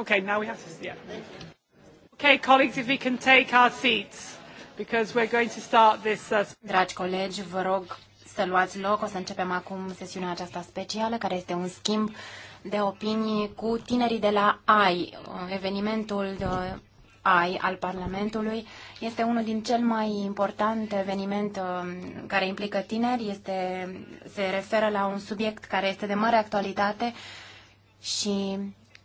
Okay, now we have to. Yeah. Okay, colleagues, if we can take our seats, because we're going to start this. Uh... Dragi colegi, vă rog să luați loc. O să începem acum sesiunea aceasta specială, care este un schimb de opinii cu tinerii de la AI, evenimentul de uh, AI al Parlamentului. Este unul din cel mai important eveniment uh, care implică tineri. Este, se referă la un subiect care este de mare actualitate și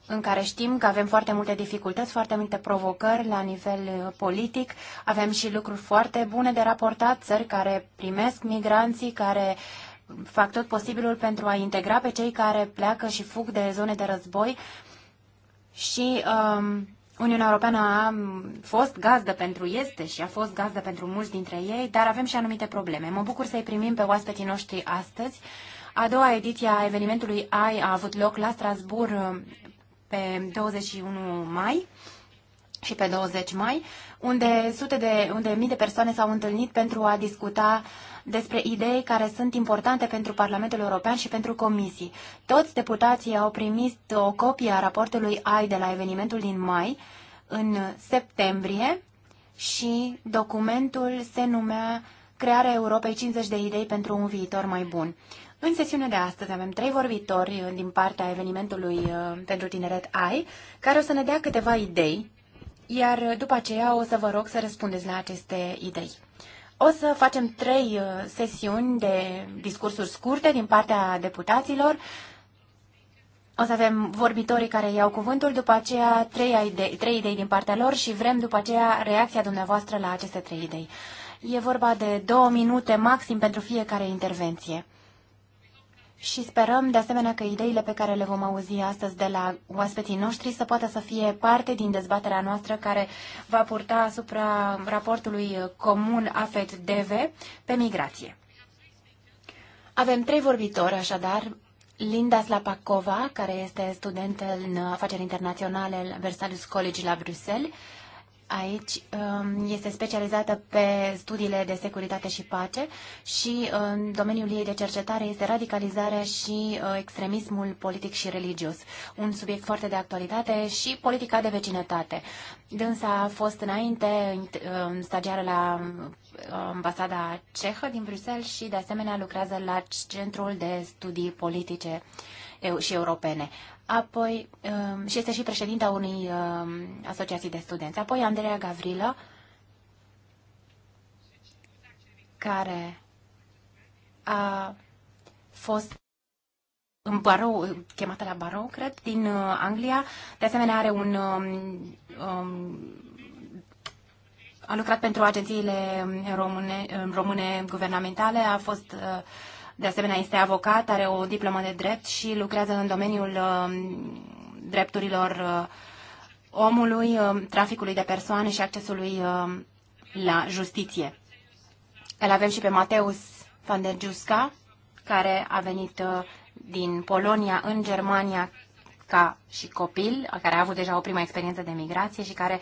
în care știm că avem foarte multe dificultăți, foarte multe provocări la nivel uh, politic. Avem și lucruri foarte bune de raportat, țări care primesc migranții, care fac tot posibilul pentru a integra pe cei care pleacă și fug de zone de război. Și um, Uniunea Europeană a fost gazdă pentru este și a fost gazdă pentru mulți dintre ei, dar avem și anumite probleme. Mă bucur să-i primim pe oaspeții noștri astăzi. A doua ediție a evenimentului AI a avut loc la Strasbourg um, pe 21 mai și pe 20 mai, unde sute de, unde mii de persoane s-au întâlnit pentru a discuta despre idei care sunt importante pentru Parlamentul European și pentru comisii. Toți deputații au primit o copie a raportului AI de la evenimentul din mai, în septembrie, și documentul se numea Crearea Europei 50 de idei pentru un viitor mai bun. În sesiunea de astăzi avem trei vorbitori uh, din partea evenimentului uh, pentru tineret AI, care o să ne dea câteva idei, iar uh, după aceea o să vă rog să răspundeți la aceste idei. O să facem trei sesiuni de discursuri scurte din partea deputaților. O să avem vorbitorii care iau cuvântul, după aceea trei idei, trei idei din partea lor și vrem după aceea reacția dumneavoastră la aceste trei idei. E vorba de două minute maxim pentru fiecare intervenție și sperăm de asemenea că ideile pe care le vom auzi astăzi de la oaspeții noștri să poată să fie parte din dezbaterea noastră care va purta asupra raportului comun AFET-DV pe migrație. Avem trei vorbitori, așadar, Linda Slapakova, care este student în afaceri internaționale la Versalius College la Bruxelles, aici um, este specializată pe studiile de securitate și pace și în um, domeniul ei de cercetare este radicalizarea și uh, extremismul politic și religios, un subiect foarte de actualitate și politica de vecinătate. Dânsa a fost înainte um, stagiară la ambasada cehă din Bruxelles și de asemenea lucrează la Centrul de Studii Politice și Europene apoi um, și este și președinta unei um, asociații de studenți. Apoi Andreea Gavrilă, care a fost în barou, chemată la barou, cred, din uh, Anglia. De asemenea, are un... Um, um, a lucrat pentru agențiile române, române guvernamentale, a fost uh, de asemenea, este avocat, are o diplomă de drept și lucrează în domeniul um, drepturilor uh, omului, um, traficului de persoane și accesului um, la justiție. Îl avem și pe Mateus van der Giusca, care a venit uh, din Polonia în Germania ca și copil, care a avut deja o prima experiență de migrație și care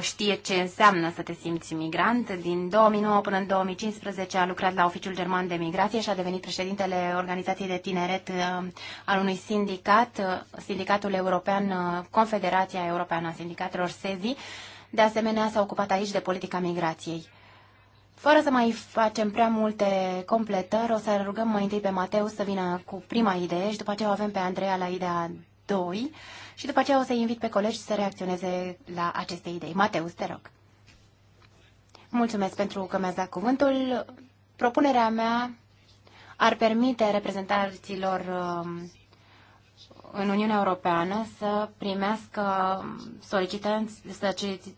știe ce înseamnă să te simți migrant. Din 2009 până în 2015 a lucrat la Oficiul German de Migrație și a devenit președintele Organizației de Tineret uh, al unui sindicat, uh, Sindicatul European, uh, Confederația Europeană a Sindicatelor SEVI. De asemenea, s-a ocupat aici de politica migrației. Fără să mai facem prea multe completări, o să rugăm mai întâi pe Mateu să vină cu prima idee și după aceea o avem pe Andreea la ideea 2 și după aceea o să invit pe colegi să reacționeze la aceste idei. Mateus, te rog. Mulțumesc pentru că mi-ați dat cuvântul. Propunerea mea ar permite reprezentanților um, în Uniunea Europeană să primească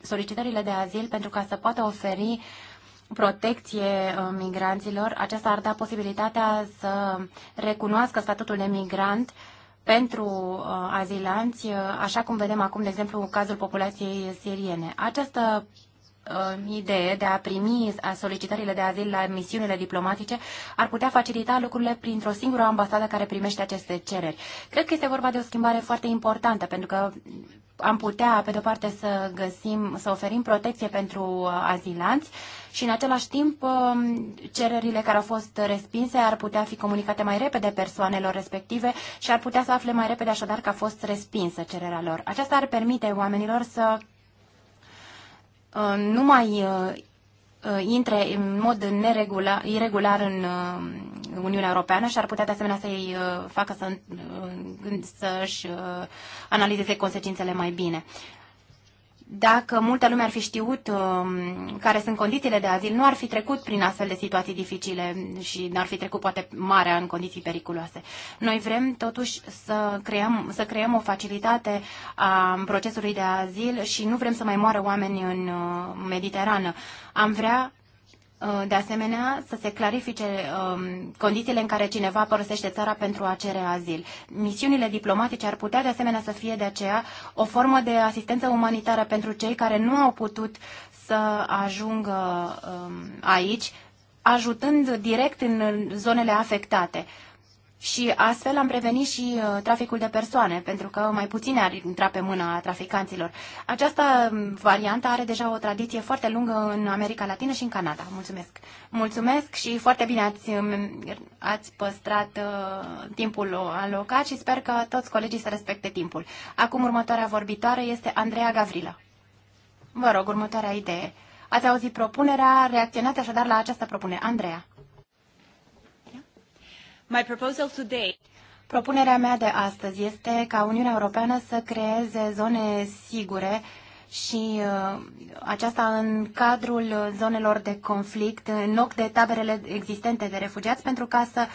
solicitările de azil pentru ca să poată oferi protecție uh, migranților. Aceasta ar da posibilitatea să recunoască statutul de migrant pentru uh, azilanți, uh, așa cum vedem acum, de exemplu, în cazul populației siriene. Această uh, idee de a primi solicitările de azil la misiunile diplomatice ar putea facilita lucrurile printr-o singură ambasadă care primește aceste cereri. Cred că este vorba de o schimbare foarte importantă, pentru că am putea, pe de-o parte, să găsim, să oferim protecție pentru uh, azilanți și, în același timp, um, cererile care au fost respinse ar putea fi comunicate mai repede persoanelor respective și ar putea să afle mai repede, așadar, că a fost respinsă cererea lor. Aceasta ar permite oamenilor să Uh, nu mai uh, uh, intre în mod neregular, irregular în Uniunea Europeană și ar putea de asemenea să-i facă să, să-și analizeze consecințele mai bine. Dacă multă lume ar fi știut uh, care sunt condițiile de azil, nu ar fi trecut prin astfel de situații dificile și n-ar fi trecut poate marea în condiții periculoase. Noi vrem totuși să creăm, să creăm o facilitate a procesului de azil și nu vrem să mai moară oameni în uh, Mediterană. Am vrea Uh, de asemenea, să se clarifice um, condițiile în care cineva părăsește țara pentru a cere azil. Misiunile diplomatice ar putea, de asemenea, să fie de aceea o formă de asistență umanitară pentru cei care nu au putut să ajungă um, aici, ajutând direct în zonele afectate. Uh, și astfel am prevenit și uh, traficul de persoane, pentru că mai puține ar intra pe mâna traficanților. Această um, variantă are deja o tradiție foarte lungă în America Latină și în Canada. Mulțumesc! Mulțumesc și foarte bine ați, um, ați păstrat uh, timpul alocat și sper că toți colegii să respecte timpul. Acum următoarea vorbitoare este Andreea Gavrilă. Vă rog, următoarea idee. Ați auzit propunerea, reacționați așadar la această propunere. Andreea. My proposal today... Propunerea mea de astăzi este ca Uniunea Europeană să creeze zone sigure și uh, aceasta în cadrul zonelor de conflict, în loc de taberele existente de refugiați, pentru ca să uh,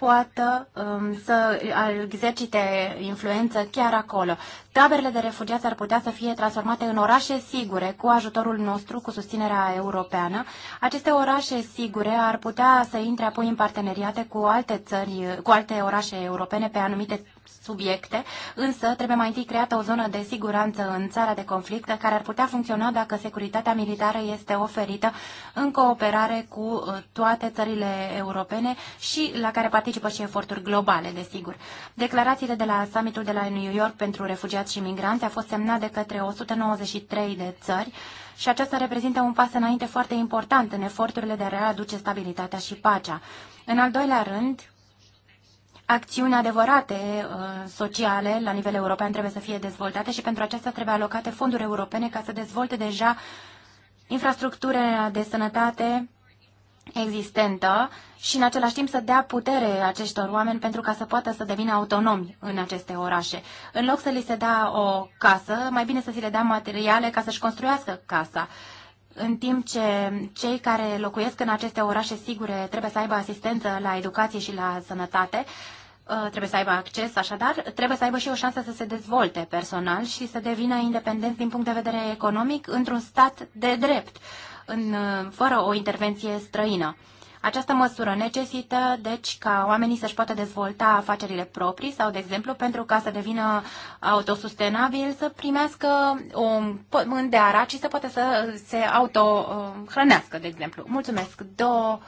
poată um, să exercite influență chiar acolo. Taberele de refugiați ar putea să fie transformate în orașe sigure cu ajutorul nostru, cu susținerea europeană. Aceste orașe sigure ar putea să intre apoi în parteneriate cu alte țări, cu alte orașe europene pe anumite subiecte, însă trebuie mai întâi creată o zonă de siguranță în țara de conflict care ar putea funcționa dacă securitatea militară este oferită în cooperare cu uh, toate țările europene și la care participă și eforturi globale, desigur. Declarațiile de la summitul de la New York pentru refugiați și migranți a fost semnat de către 193 de țări și aceasta reprezintă un pas înainte foarte important în eforturile de a readuce stabilitatea și pacea. În al doilea rând, acțiuni adevărate uh, sociale la nivel european trebuie să fie dezvoltate și pentru aceasta trebuie alocate fonduri europene ca să dezvolte deja infrastructura de sănătate existentă și în același timp să dea putere acestor oameni pentru ca să poată să devină autonomi în aceste orașe. În loc să li se dea o casă, mai bine să se le dea materiale ca să-și construiască casa în timp ce cei care locuiesc în aceste orașe sigure trebuie să aibă asistență la educație și la sănătate, Uh, trebuie să aibă acces, așadar, trebuie să aibă și o șansă să se dezvolte personal și să devină independent din punct de vedere economic într-un stat de drept, în, uh, fără o intervenție străină. Această măsură necesită, deci, ca oamenii să-și poată dezvolta afacerile proprii sau, de exemplu, pentru ca să devină autosustenabil, să primească un pământ de arat și să poată să se autohrănească, uh, de exemplu. Mulțumesc! Două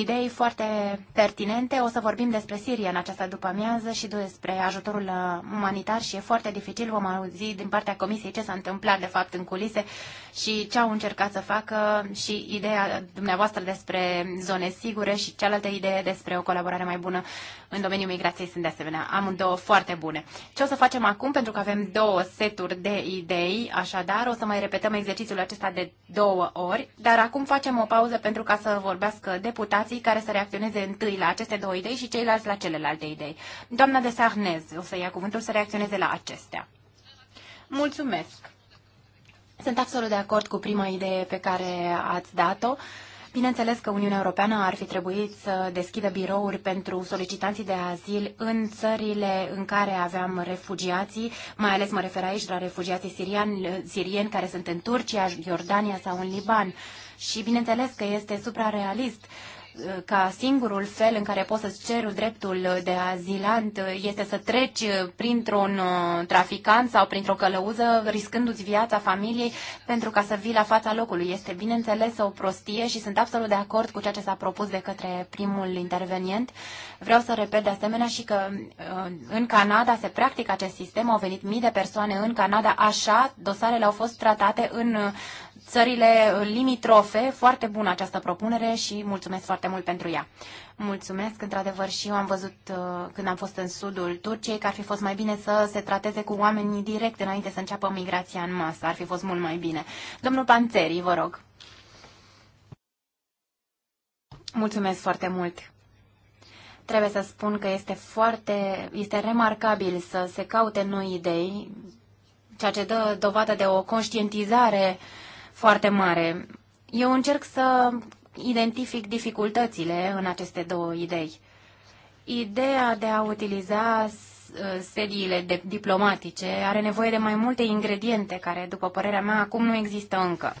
idei foarte pertinente. O să vorbim despre Siria în această după-amiază și despre ajutorul uh, umanitar și e foarte dificil. Vom auzi din partea Comisiei ce s-a întâmplat de fapt în culise și ce au încercat să facă și ideea dumneavoastră despre zone sigure și cealaltă idee despre o colaborare mai bună în domeniul migrației sunt de asemenea două foarte bune. Ce o să facem acum, pentru că avem două seturi de idei, așadar o să mai repetăm exercițiul acesta de două ori, dar acum facem o pauză pentru ca să vorbească deputat observații care să reacționeze întâi la aceste două idei și ceilalți la celelalte idei. Doamna de Sarnez o să ia cuvântul să reacționeze la acestea. Mulțumesc! Sunt absolut de acord cu prima idee pe care ați dat-o. Bineînțeles că Uniunea Europeană ar fi trebuit să deschidă birouri pentru solicitanții de azil în țările în care aveam refugiații, mai ales mă refer aici la refugiații siriani, sirieni care sunt în Turcia, Iordania sau în Liban. Și bineînțeles că este suprarealist ca singurul fel în care poți să-ți ceri dreptul de azilant este să treci printr-un uh, traficant sau printr-o călăuză, riscându-ți viața familiei pentru ca să vii la fața locului. Este bineînțeles o prostie și sunt absolut de acord cu ceea ce s-a propus de către primul intervenient. Vreau să repet de asemenea și că uh, în Canada se practică acest sistem, au venit mii de persoane în Canada, așa dosarele au fost tratate în uh, țările limitrofe. Foarte bună această propunere și mulțumesc foarte mult pentru ea. Mulțumesc, într-adevăr, și eu am văzut uh, când am fost în sudul Turciei că ar fi fost mai bine să se trateze cu oamenii direct înainte să înceapă migrația în masă. Ar fi fost mult mai bine. Domnul Panțeri, vă rog. Mulțumesc foarte mult. Trebuie să spun că este foarte, este remarcabil să se caute noi idei, ceea ce dă dovadă de o conștientizare uh, foarte mare. Eu încerc să identific dificultățile în aceste două idei. Ideea de a utiliza uh, sediile de diplomatice are nevoie de mai multe ingrediente care, după părerea mea, acum nu există încă.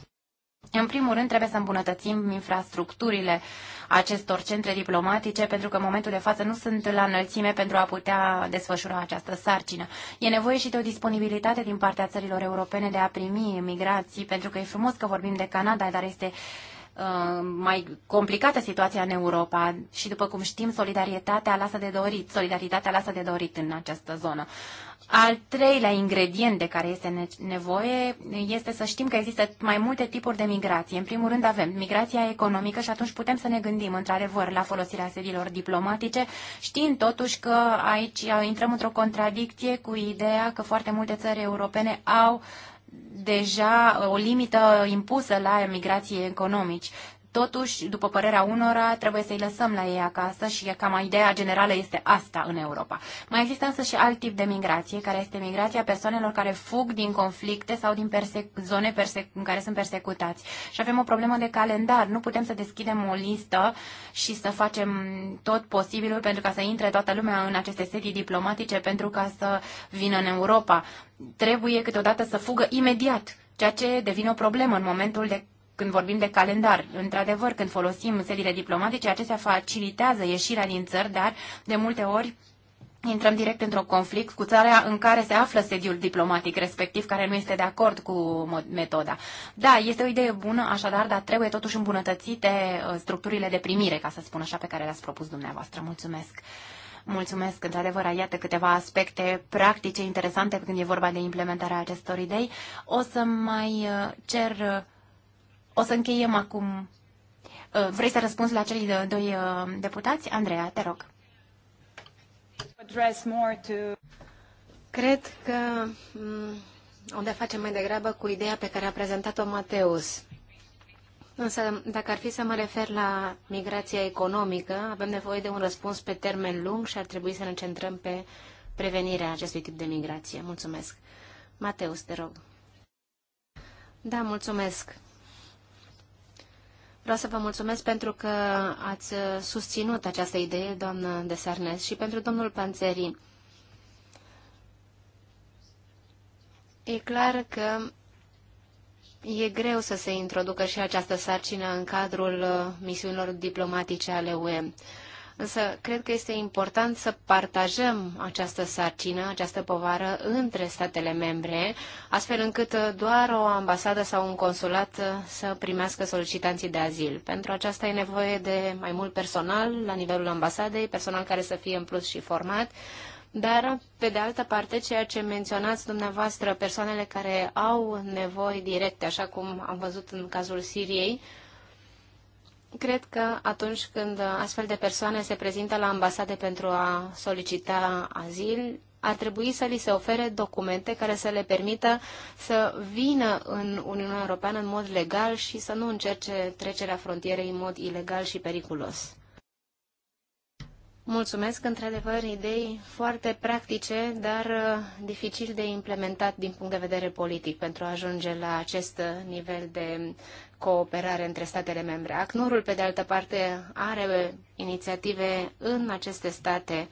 În primul rând, trebuie să îmbunătățim infrastructurile acestor centre diplomatice, pentru că în momentul de față nu sunt la înălțime pentru a putea desfășura această sarcină. E nevoie și de o disponibilitate din partea țărilor europene de a primi migrații, pentru că e frumos că vorbim de Canada, dar este uh, mai complicată situația în Europa și, după cum știm, solidaritatea lasă de dorit, solidaritatea lasă de dorit în această zonă. Al treilea ingredient de care este nevoie este să știm că există mai multe tipuri de migrație. În primul rând avem migrația economică și atunci putem să ne gândim într-adevăr la folosirea sediilor diplomatice, știind totuși că aici uh, intrăm într-o contradicție cu ideea că foarte multe țări europene au deja uh, o limită impusă la migrații economici. Totuși, după părerea unora, trebuie să-i lăsăm la ei acasă și cam ideea generală este asta în Europa. Mai există însă și alt tip de migrație, care este migrația persoanelor care fug din conflicte sau din persec- zone în care sunt persecutați. Și avem o problemă de calendar. Nu putem să deschidem o listă și să facem tot posibilul pentru ca să intre toată lumea în aceste sedii diplomatice pentru ca să vină în Europa. Trebuie câteodată să fugă imediat ceea ce devine o problemă în momentul de când vorbim de calendar. Într-adevăr, când folosim sediile diplomatice, acestea facilitează ieșirea din țări, dar de multe ori intrăm direct într-un conflict cu țara în care se află sediul diplomatic respectiv, care nu este de acord cu metoda. Da, este o idee bună, așadar, dar trebuie totuși îmbunătățite uh, structurile de primire, ca să spun așa, pe care le-ați propus dumneavoastră. Mulțumesc! Mulțumesc, într-adevăr, iată câteva aspecte practice interesante când e vorba de implementarea acestor idei. O să mai uh, cer uh, o să încheiem acum. Uh, vrei să răspunzi la cei de doi uh, deputați? Andreea, te rog. Cred că o mm, de facem mai degrabă cu ideea pe care a prezentat-o Mateus. Însă, dacă ar fi să mă refer la migrația economică, avem nevoie de un răspuns pe termen lung și ar trebui să ne centrăm pe prevenirea acestui tip de migrație. Mulțumesc. Mateus, te rog. Da, mulțumesc. Vreau să vă mulțumesc pentru că ați susținut această idee, doamnă de și pentru domnul Panțeri. E clar că e greu să se introducă și această sarcină în cadrul uh, misiunilor diplomatice ale UE. Însă cred că este important să partajăm această sarcină, această povară între statele membre, astfel încât uh, doar o ambasadă sau un consulat uh, să primească solicitanții de azil. Pentru aceasta e nevoie de mai mult personal la nivelul ambasadei, personal care să fie în plus și format, dar, pe de altă parte, ceea ce menționați dumneavoastră, persoanele care au nevoi directe, așa cum am văzut în cazul Siriei, uh, cred că atunci când astfel de persoane se prezintă la ambasade pentru a solicita azil, ar trebui să li se ofere documente care să le permită să vină în Uniunea Europeană în mod legal și să nu încerce trecerea frontierei în mod ilegal și periculos. Mulțumesc, într-adevăr, idei foarte practice, dar uh, dificil de implementat din punct de vedere politic pentru a ajunge la acest nivel de cooperare între statele membre. ACNUR-ul, pe de altă parte, are inițiative în aceste state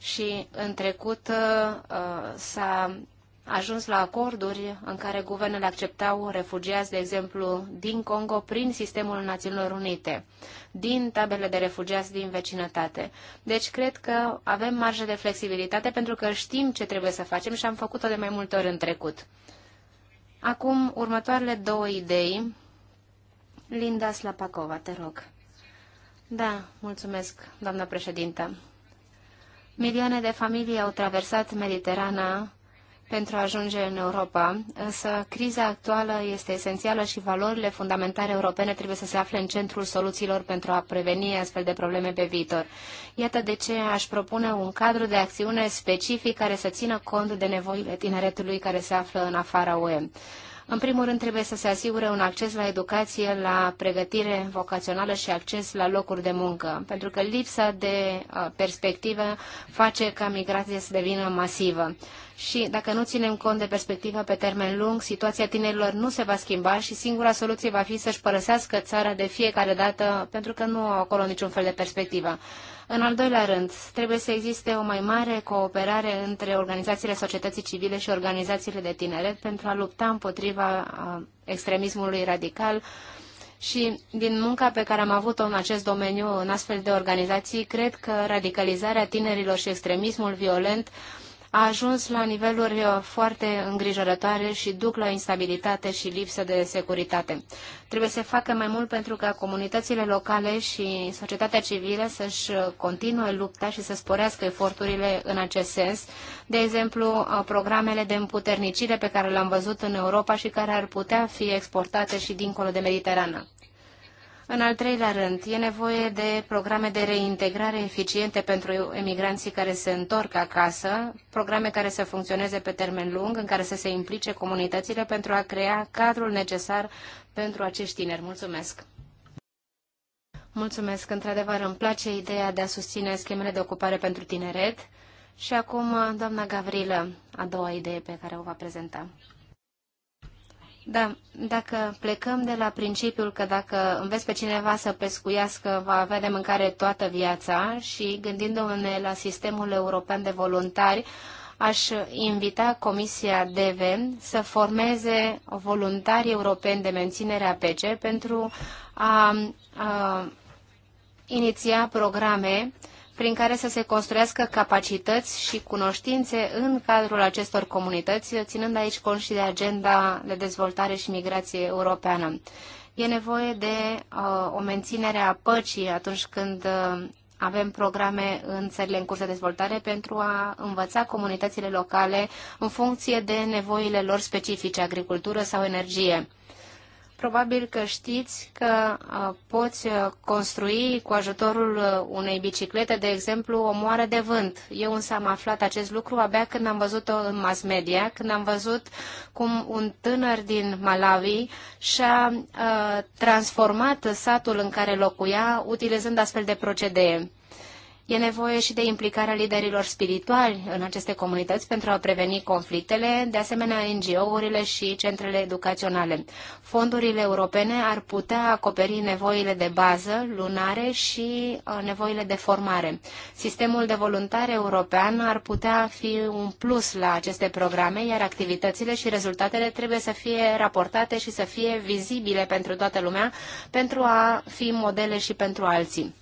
și în trecut uh, s-a ajuns la acorduri în care guvernele acceptau refugiați, de exemplu, din Congo prin sistemul Națiunilor Unite, din tabele de refugiați din vecinătate. Deci cred că avem marjă de flexibilitate pentru că știm ce trebuie să facem și am făcut-o de mai multe ori în trecut. Acum, următoarele două idei Linda Slapakova, te rog. Da, mulțumesc, doamnă președintă. Milioane de familii au traversat Mediterana pentru a ajunge în Europa, însă criza actuală este esențială și valorile fundamentale europene trebuie să se afle în centrul soluțiilor pentru a preveni astfel de probleme pe viitor. Iată de ce aș propune un cadru de acțiune specific care să țină cont de nevoile tineretului care se află în afara UE. În primul rând, trebuie să se asigure un acces la educație, la pregătire vocațională și acces la locuri de muncă, pentru că lipsa de uh, perspectivă face ca migrația să devină masivă. Și dacă nu ținem cont de perspectiva pe termen lung, situația tinerilor nu se va schimba și singura soluție va fi să-și părăsească țara de fiecare dată, pentru că nu au acolo niciun fel de perspectivă. În al doilea rând, trebuie să existe o mai mare cooperare între organizațiile societății civile și organizațiile de tineret pentru a lupta împotriva extremismului radical și din munca pe care am avut-o în acest domeniu, în astfel de organizații, cred că radicalizarea tinerilor și extremismul violent uh, a ajuns la niveluri uh, foarte îngrijorătoare și duc la instabilitate și lipsă de securitate. Trebuie să facă mai mult pentru ca comunitățile locale și societatea civilă să-și uh, continue lupta și să sporească eforturile în acest sens. De exemplu, uh, programele de împuternicire pe care le-am văzut în Europa și care ar putea fi exportate și dincolo de Mediterană. În al treilea rând, e nevoie de programe de reintegrare eficiente pentru emigranții care se întorc acasă, programe care să funcționeze pe termen lung, în care să se implice comunitățile pentru a crea cadrul necesar pentru acești tineri. Mulțumesc! Mulțumesc! Într-adevăr, îmi place ideea de a susține schemele de ocupare pentru tineret. Și acum, doamna Gavrilă, a doua idee pe care o va prezenta. Da, dacă plecăm de la principiul că dacă înveți pe cineva să pescuiască, va avea de mâncare toată viața și gândindu-ne la sistemul european de voluntari, aș invita Comisia DEVE să formeze voluntari europeni de menținere a PC pentru a, a iniția programe uh, prin care să se construiască capacități și cunoștințe în cadrul acestor comunități, ținând aici cont și de agenda de dezvoltare și migrație europeană. E nevoie de uh, o menținere a păcii atunci când uh, avem programe în țările în curs de dezvoltare pentru a învăța comunitățile locale în funcție de nevoile lor specifice, agricultură sau energie. Probabil că știți că uh, poți uh, construi cu ajutorul uh, unei biciclete, de exemplu, o moară de vânt. Eu însă am aflat acest lucru abia când am văzut-o în mass media, când am văzut cum un tânăr din Malawi și-a transformat satul în care locuia utilizând astfel de procedee. E nevoie și de implicarea liderilor spirituali în aceste comunități pentru a preveni conflictele, de asemenea NGO-urile și centrele educaționale. Fondurile europene ar putea acoperi nevoile de bază, lunare și uh, nevoile de formare. Sistemul de voluntari european ar putea fi un plus la aceste programe, iar activitățile și rezultatele trebuie să fie raportate și să fie vizibile pentru toată lumea, pentru a fi modele și pentru alții.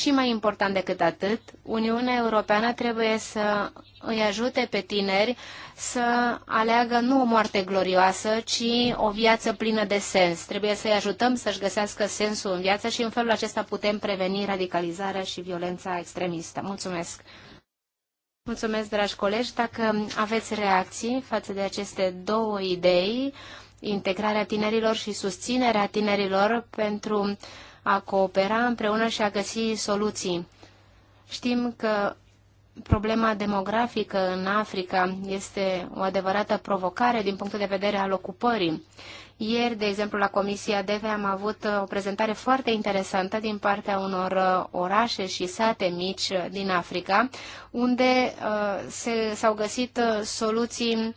Și mai important decât atât, Uniunea Europeană trebuie să îi ajute pe tineri să aleagă nu o moarte glorioasă, ci o viață plină de sens. Trebuie să-i ajutăm să-și găsească sensul în viață și în felul acesta putem preveni radicalizarea și violența extremistă. Mulțumesc! Mulțumesc, dragi colegi. Dacă aveți reacții față de aceste două idei, integrarea tinerilor și susținerea tinerilor pentru a coopera împreună și a găsi soluții. Știm că problema demografică în Africa este o adevărată provocare din punctul de vedere al ocupării. Ieri, de exemplu, la Comisia DEVE am avut o prezentare foarte interesantă din partea unor uh, orașe și sate mici uh, din Africa, unde uh, s-au găsit uh, soluții uh,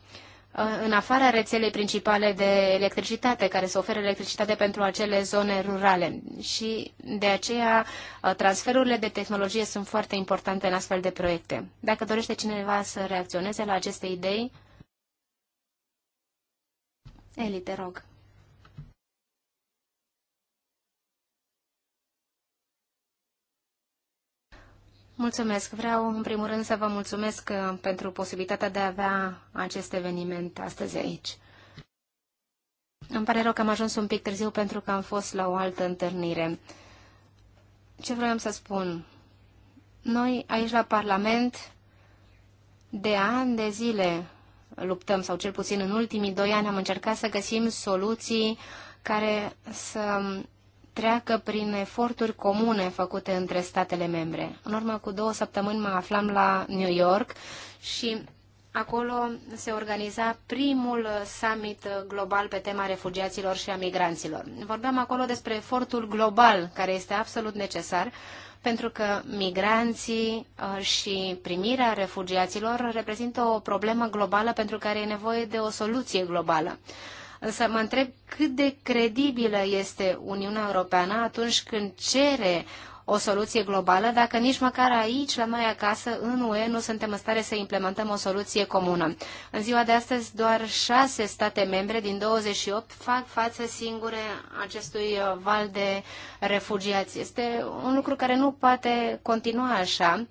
Uh, în afara rețelei principale de electricitate, care să ofere electricitate pentru acele zone rurale. Și de aceea uh, transferurile de tehnologie sunt foarte importante în astfel de proiecte. Dacă dorește cineva să reacționeze la aceste idei, Eli, te rog. Mulțumesc. Vreau, în primul rând, să vă mulțumesc uh, pentru posibilitatea de a avea acest eveniment astăzi aici. Îmi pare rău că am ajuns un pic târziu pentru că am fost la o altă întâlnire. Ce vreau să spun? Noi, aici la Parlament, de ani de zile luptăm, sau cel puțin în ultimii doi ani am încercat să găsim soluții care să treacă prin eforturi comune făcute între statele membre. În urmă cu două săptămâni mă aflam la New York și acolo se organiza primul summit global pe tema refugiaților și a migranților. Vorbeam acolo despre efortul global care este absolut necesar pentru că migranții uh, și primirea refugiaților reprezintă o problemă globală pentru care e nevoie de o soluție globală. Însă mă întreb cât de credibilă este Uniunea Europeană atunci când cere o soluție globală, dacă nici măcar aici, la noi acasă, în UE, nu suntem în stare să implementăm o soluție comună. În ziua de astăzi, doar șase state membre din 28 fac față singure acestui uh, val de refugiați. Este un lucru care nu poate continua așa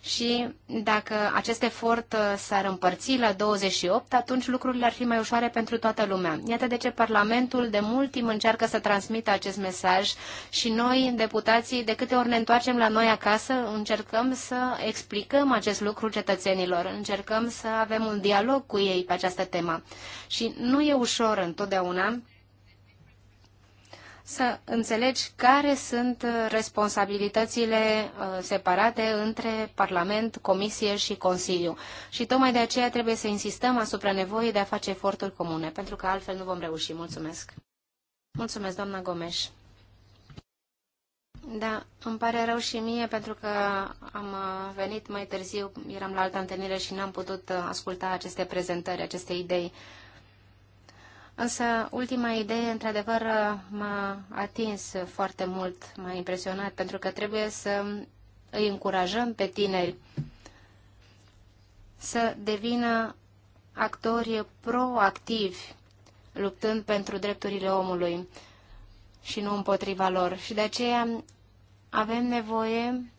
și dacă acest efort uh, s-ar împărți la 28, atunci lucrurile ar fi mai ușoare pentru toată lumea. Iată de ce Parlamentul de mult timp încearcă să transmită acest mesaj și noi, deputații, de câte ori ne întoarcem la noi acasă, încercăm să explicăm acest lucru cetățenilor, încercăm să avem un dialog cu ei pe această temă. Și nu e ușor întotdeauna, să înțelegi care sunt uh, responsabilitățile uh, separate între Parlament, Comisie și Consiliu. Și tocmai de aceea trebuie să insistăm asupra nevoii de a face eforturi comune, pentru că altfel nu vom reuși. Mulțumesc! Mulțumesc, doamna Gomes! Da, îmi pare rău și mie pentru că am uh, venit mai târziu, eram la altă întâlnire și n-am putut asculta aceste prezentări, aceste idei. Însă ultima idee, într-adevăr, m-a atins foarte mult, m-a impresionat, pentru că trebuie să îi încurajăm pe tineri să devină actori proactivi, luptând pentru drepturile omului și nu împotriva lor. Și de aceea avem nevoie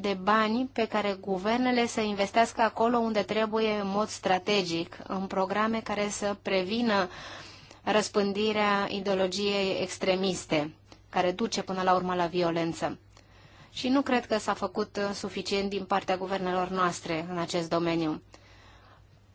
de bani pe care guvernele să investească acolo unde trebuie în mod strategic, în programe care să prevină răspândirea ideologiei extremiste, care duce până la urmă la violență. Și nu cred că s-a făcut uh, suficient din partea guvernelor noastre în acest domeniu.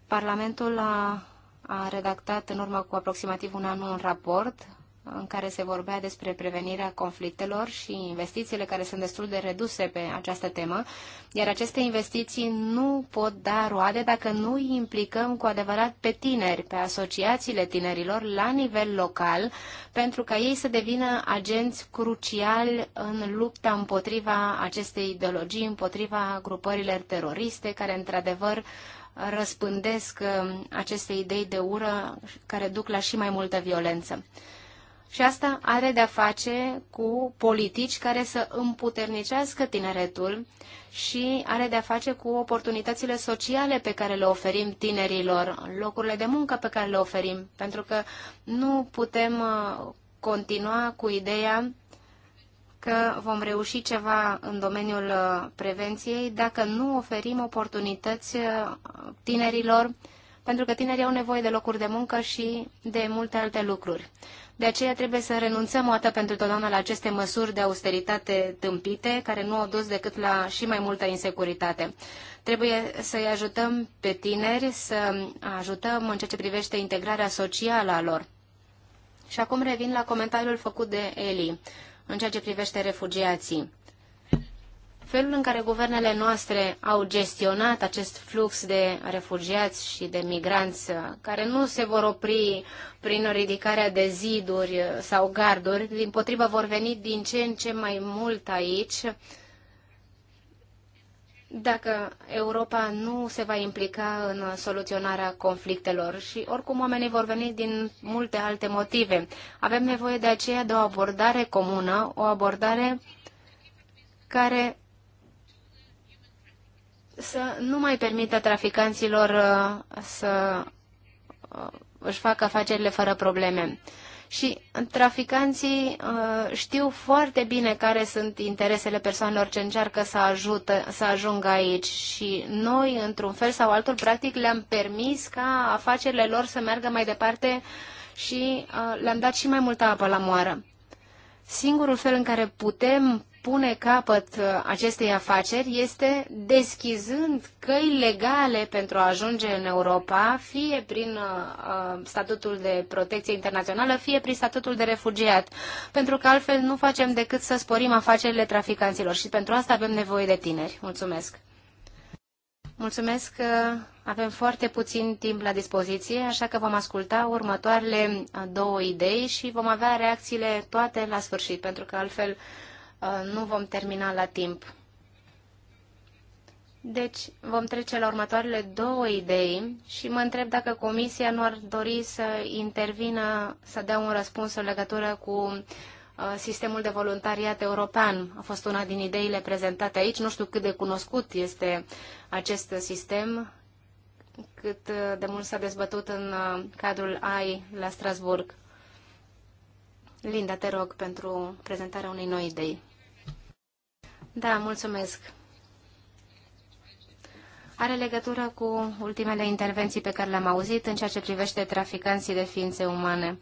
Parlamentul a, a redactat în urmă cu aproximativ un an un raport în care se vorbea despre prevenirea conflictelor și investițiile care sunt destul de reduse pe această temă, iar aceste investiții nu pot da roade dacă nu îi implicăm cu adevărat pe tineri, pe asociațiile tinerilor la nivel local, pentru ca ei să devină agenți cruciali în lupta împotriva acestei ideologii, împotriva grupărilor teroriste care într-adevăr răspândesc uh, aceste idei de ură care duc la și mai multă violență. Și asta are de-a face cu politici care să împuternicească tineretul și are de-a face cu oportunitățile sociale pe care le oferim tinerilor, locurile de muncă pe care le oferim, pentru că nu putem uh, continua cu ideea că vom reuși ceva în domeniul uh, prevenției dacă nu oferim oportunități uh, tinerilor, pentru că tinerii au nevoie de locuri de muncă și de multe alte lucruri. De aceea trebuie să renunțăm o dată pentru totdeauna la aceste măsuri de austeritate tâmpite, care nu au dus decât la și mai multă insecuritate. Trebuie să-i ajutăm pe tineri, să ajutăm în ceea ce privește integrarea socială a lor. Și acum revin la comentariul făcut de Eli, în ceea ce privește refugiații. Felul în care guvernele noastre au gestionat acest flux de refugiați și de migranți, uh, care nu se vor opri prin ridicarea de ziduri uh, sau garduri, din potrivă vor veni din ce în ce mai mult aici, dacă Europa nu se va implica în soluționarea conflictelor și oricum oamenii vor veni din multe alte motive. Avem nevoie de aceea de o abordare comună, o abordare care să nu mai permită traficanților uh, să uh, își facă afacerile fără probleme. Și traficanții uh, știu foarte bine care sunt interesele persoanelor ce încearcă să, ajute, să ajungă aici și noi, într-un fel sau altul, practic le-am permis ca afacerile lor să meargă mai departe și le-am dat și mai multă apă la moară. Singurul fel în care putem pune capăt uh, acestei afaceri este deschizând căi legale pentru a ajunge în Europa, fie prin uh, uh, statutul de protecție internațională, fie prin statutul de refugiat, pentru că altfel nu facem decât să sporim afacerile traficanților și pentru asta avem nevoie de tineri. Mulțumesc! Mulțumesc că avem foarte puțin timp la dispoziție, așa că vom asculta următoarele două idei și vom avea reacțiile toate la sfârșit, pentru că altfel Uh, nu vom termina la timp. Deci vom trece la următoarele două idei și mă întreb dacă Comisia nu ar dori să intervină, să dea un răspuns în legătură cu uh, sistemul de voluntariat european. A fost una din ideile prezentate aici. Nu știu cât de cunoscut este acest sistem, cât uh, de mult s-a dezbătut în cadrul AI la Strasburg. Linda, te rog pentru prezentarea unei noi idei. Da, mulțumesc. Are legătură cu ultimele intervenții pe care le-am auzit în ceea ce privește traficanții de ființe umane.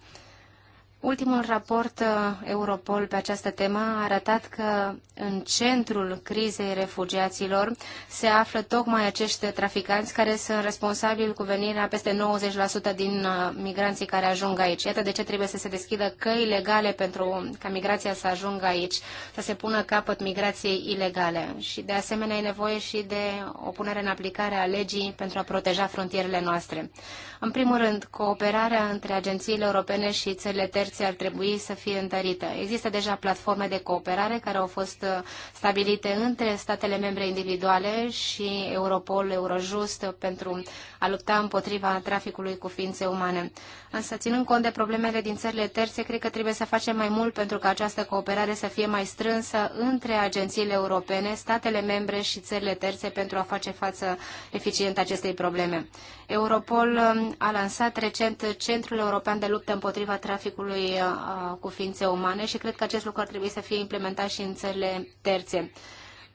Ultimul raport uh, Europol pe această temă a arătat că în centrul crizei refugiaților se află tocmai acești traficanți care sunt responsabili cu venirea peste 90% din uh, migranții care ajung aici. Iată de ce trebuie să se deschidă căi legale pentru ca migrația să ajungă aici, să se pună capăt migrației ilegale. Și de asemenea e nevoie și de o punere în aplicare a legii pentru a proteja frontierele noastre. În primul rând, cooperarea între agențiile europene și țările terțe terți ar trebui să fie întărită. Există deja platforme de cooperare care au fost uh, stabilite între statele membre individuale și Europol, Eurojust pentru a lupta împotriva traficului cu ființe umane. Însă, ținând cont de problemele din țările terțe, cred că trebuie să facem mai mult pentru ca această cooperare să fie mai strânsă între agențiile europene, statele membre și țările terțe pentru a face față eficient acestei probleme. Europol um, a lansat recent Centrul European de Luptă împotriva traficului comerțului uh, uh, cu ființe umane și cred că acest lucru ar trebui să fie implementat și în țările terțe.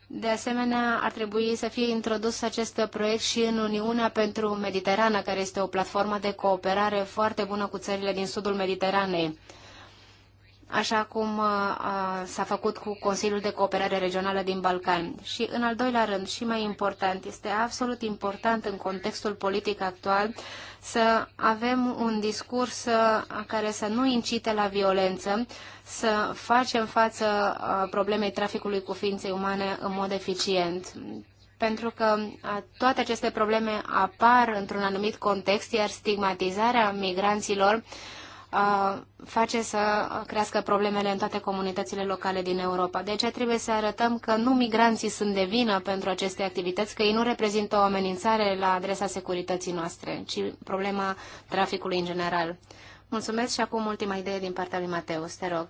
De asemenea, ar trebui să fie introdus acest proiect și în Uniunea pentru Mediterană, care este o platformă de cooperare foarte bună cu țările din sudul Mediteranei așa cum uh, s-a făcut cu Consiliul de Cooperare Regională din Balcani. Și, în al doilea rând, și mai important, este absolut important în contextul politic actual să avem un discurs uh, care să nu incite la violență, să facem față uh, problemei traficului cu ființe umane în mod eficient pentru că toate aceste probleme apar într-un anumit context, iar stigmatizarea migranților uh, face să crească problemele în toate comunitățile locale din Europa. De aceea trebuie să arătăm că nu migranții sunt de vină pentru aceste activități, că ei nu reprezintă o amenințare la adresa securității noastre, ci problema traficului în general. Mulțumesc și acum ultima idee din partea lui Mateus, te rog.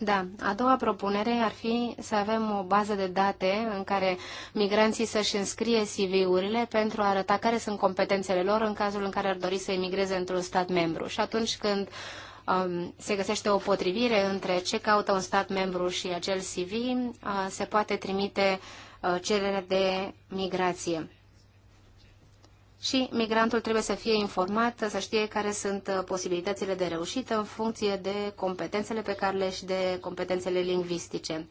Da, a doua propunere ar fi să avem o bază de date în care migranții să-și înscrie CV-urile pentru a arăta care sunt competențele lor în cazul în care ar dori să emigreze într-un stat membru. Și atunci când um, se găsește o potrivire între ce caută un stat membru și acel CV, uh, se poate trimite uh, cererea de migrație și migrantul trebuie să fie informat, să știe care sunt uh, posibilitățile de reușită în funcție de competențele pe care le și de competențele lingvistice.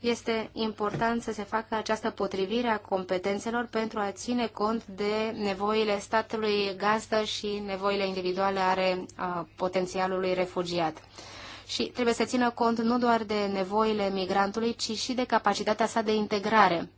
Este important să se facă această potrivire a competențelor pentru a ține cont de nevoile statului gazdă și nevoile individuale ale uh, potențialului refugiat și trebuie să țină cont nu doar de nevoile migrantului, ci și de capacitatea sa de integrare.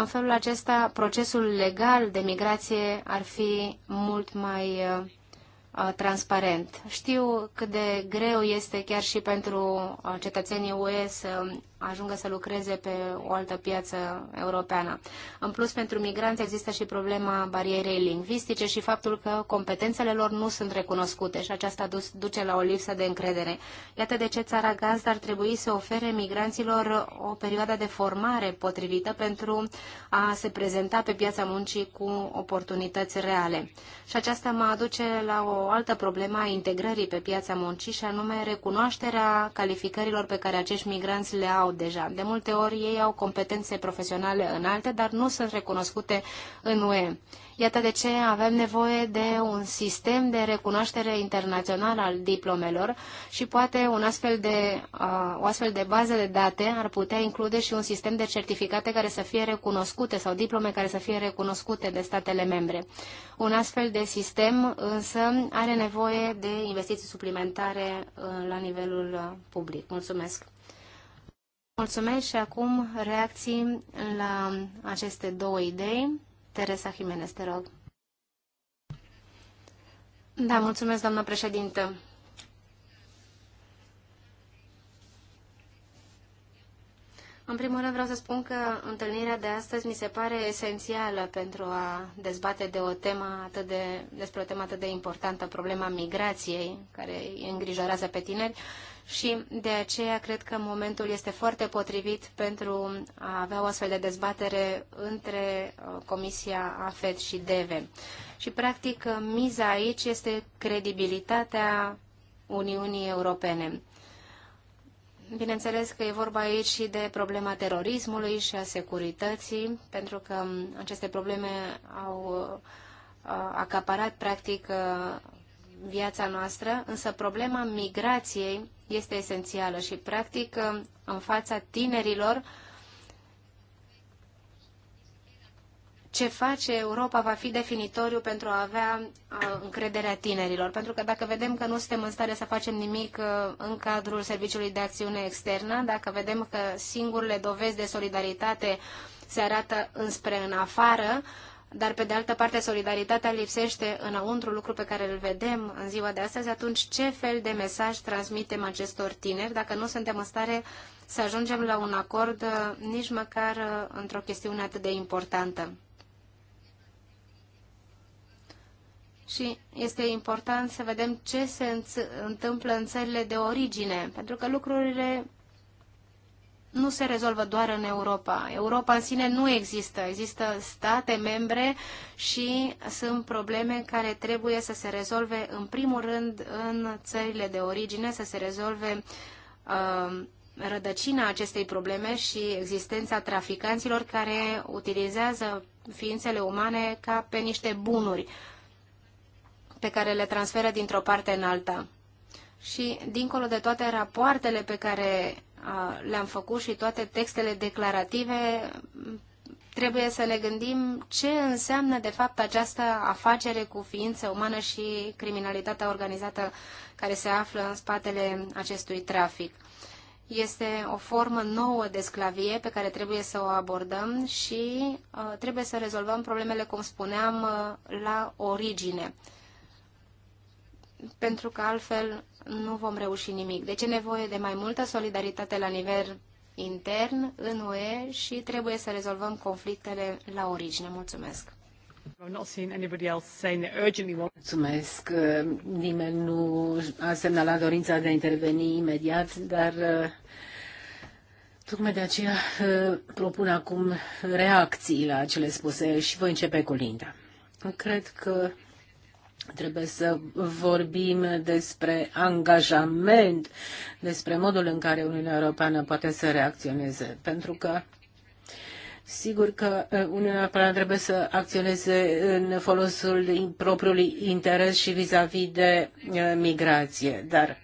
În felul acesta, procesul legal de migrație ar fi mult mai uh, transparent. Știu cât de greu este chiar și pentru uh, cetățenii UE să ajungă să lucreze pe o altă piață europeană. În plus, pentru migranți există și problema barierei lingvistice și faptul că competențele lor nu sunt recunoscute și aceasta duce la o lipsă de încredere. Iată de ce țara gazdă ar trebui să ofere migranților o perioadă de formare potrivită pentru a se prezenta pe piața muncii cu oportunități reale. Și aceasta mă aduce la o altă problemă a integrării pe piața muncii și anume recunoașterea calificărilor pe care acești migranți le au au deja. De multe ori ei au competențe profesionale înalte, dar nu sunt recunoscute în UE. Iată de ce avem nevoie de un sistem de recunoaștere internațional al diplomelor și poate un astfel de, o astfel de bază de date ar putea include și un sistem de certificate care să fie recunoscute sau diplome care să fie recunoscute de statele membre. Un astfel de sistem însă are nevoie de investiții suplimentare uh, la nivelul uh, public. Mulțumesc! Mulțumesc și acum reacții la aceste două idei. Teresa Jimenez, te rog. Da, mulțumesc, doamna președintă. În primul rând vreau să spun că întâlnirea de astăzi mi se pare esențială pentru a dezbate de o temă atât de, despre o temă atât de importantă, problema migrației, care îngrijorează pe tineri, și de aceea cred că momentul este foarte potrivit pentru a avea o astfel de dezbatere între uh, Comisia AFED și DEVE. Și, practic, uh, miza aici este credibilitatea Uniunii Europene. Bineînțeles că e vorba aici și de problema terorismului și a securității, pentru că um, aceste probleme au uh, acaparat, practic, viața noastră, însă problema migrației este esențială și, practic, în fața tinerilor, ce face Europa va fi definitoriu pentru a avea încrederea tinerilor. Pentru că dacă vedem că nu suntem în stare să facem nimic în cadrul Serviciului de Acțiune Externă, dacă vedem că singurele dovezi de solidaritate se arată înspre în afară, uh, dar pe de altă parte solidaritatea lipsește înăuntru, lucru pe care îl vedem în ziua de astăzi, atunci ce fel de mesaj transmitem acestor tineri dacă nu suntem în stare să ajungem la un acord uh, nici măcar uh, într-o chestiune atât de importantă? Și este important să vedem ce se întâmplă în țările de origine, pentru că lucrurile nu se rezolvă doar în Europa. Europa în sine nu există. Există state membre și sunt probleme care trebuie să se rezolve în primul rând în țările de origine, să se rezolve uh, rădăcina acestei probleme și existența traficanților care utilizează ființele umane ca pe niște bunuri pe care le transferă dintr-o parte în alta. Și dincolo de toate rapoartele pe care le-am făcut și toate textele declarative, trebuie să ne gândim ce înseamnă de fapt această afacere cu ființă umană și criminalitatea organizată care se află în spatele acestui trafic. Este o formă nouă de sclavie pe care trebuie să o abordăm și uh, trebuie să rezolvăm problemele, cum spuneam, uh, la origine. Pentru că altfel nu vom reuși nimic. Deci e nevoie de mai multă solidaritate la nivel intern în UE și trebuie să rezolvăm conflictele la origine. Mulțumesc! Mulțumesc. Nimeni nu a semnalat dorința de a interveni imediat, dar uh, tocmai de aceea uh, propun acum reacții la cele spuse și voi începe cu Linda. Cred că Trebuie să vorbim despre angajament, despre modul în care Uniunea Europeană poate să reacționeze, pentru că Sigur că uh, Uniunea Europeană trebuie să acționeze în folosul propriului interes și vis-a-vis -vis de uh, migrație, dar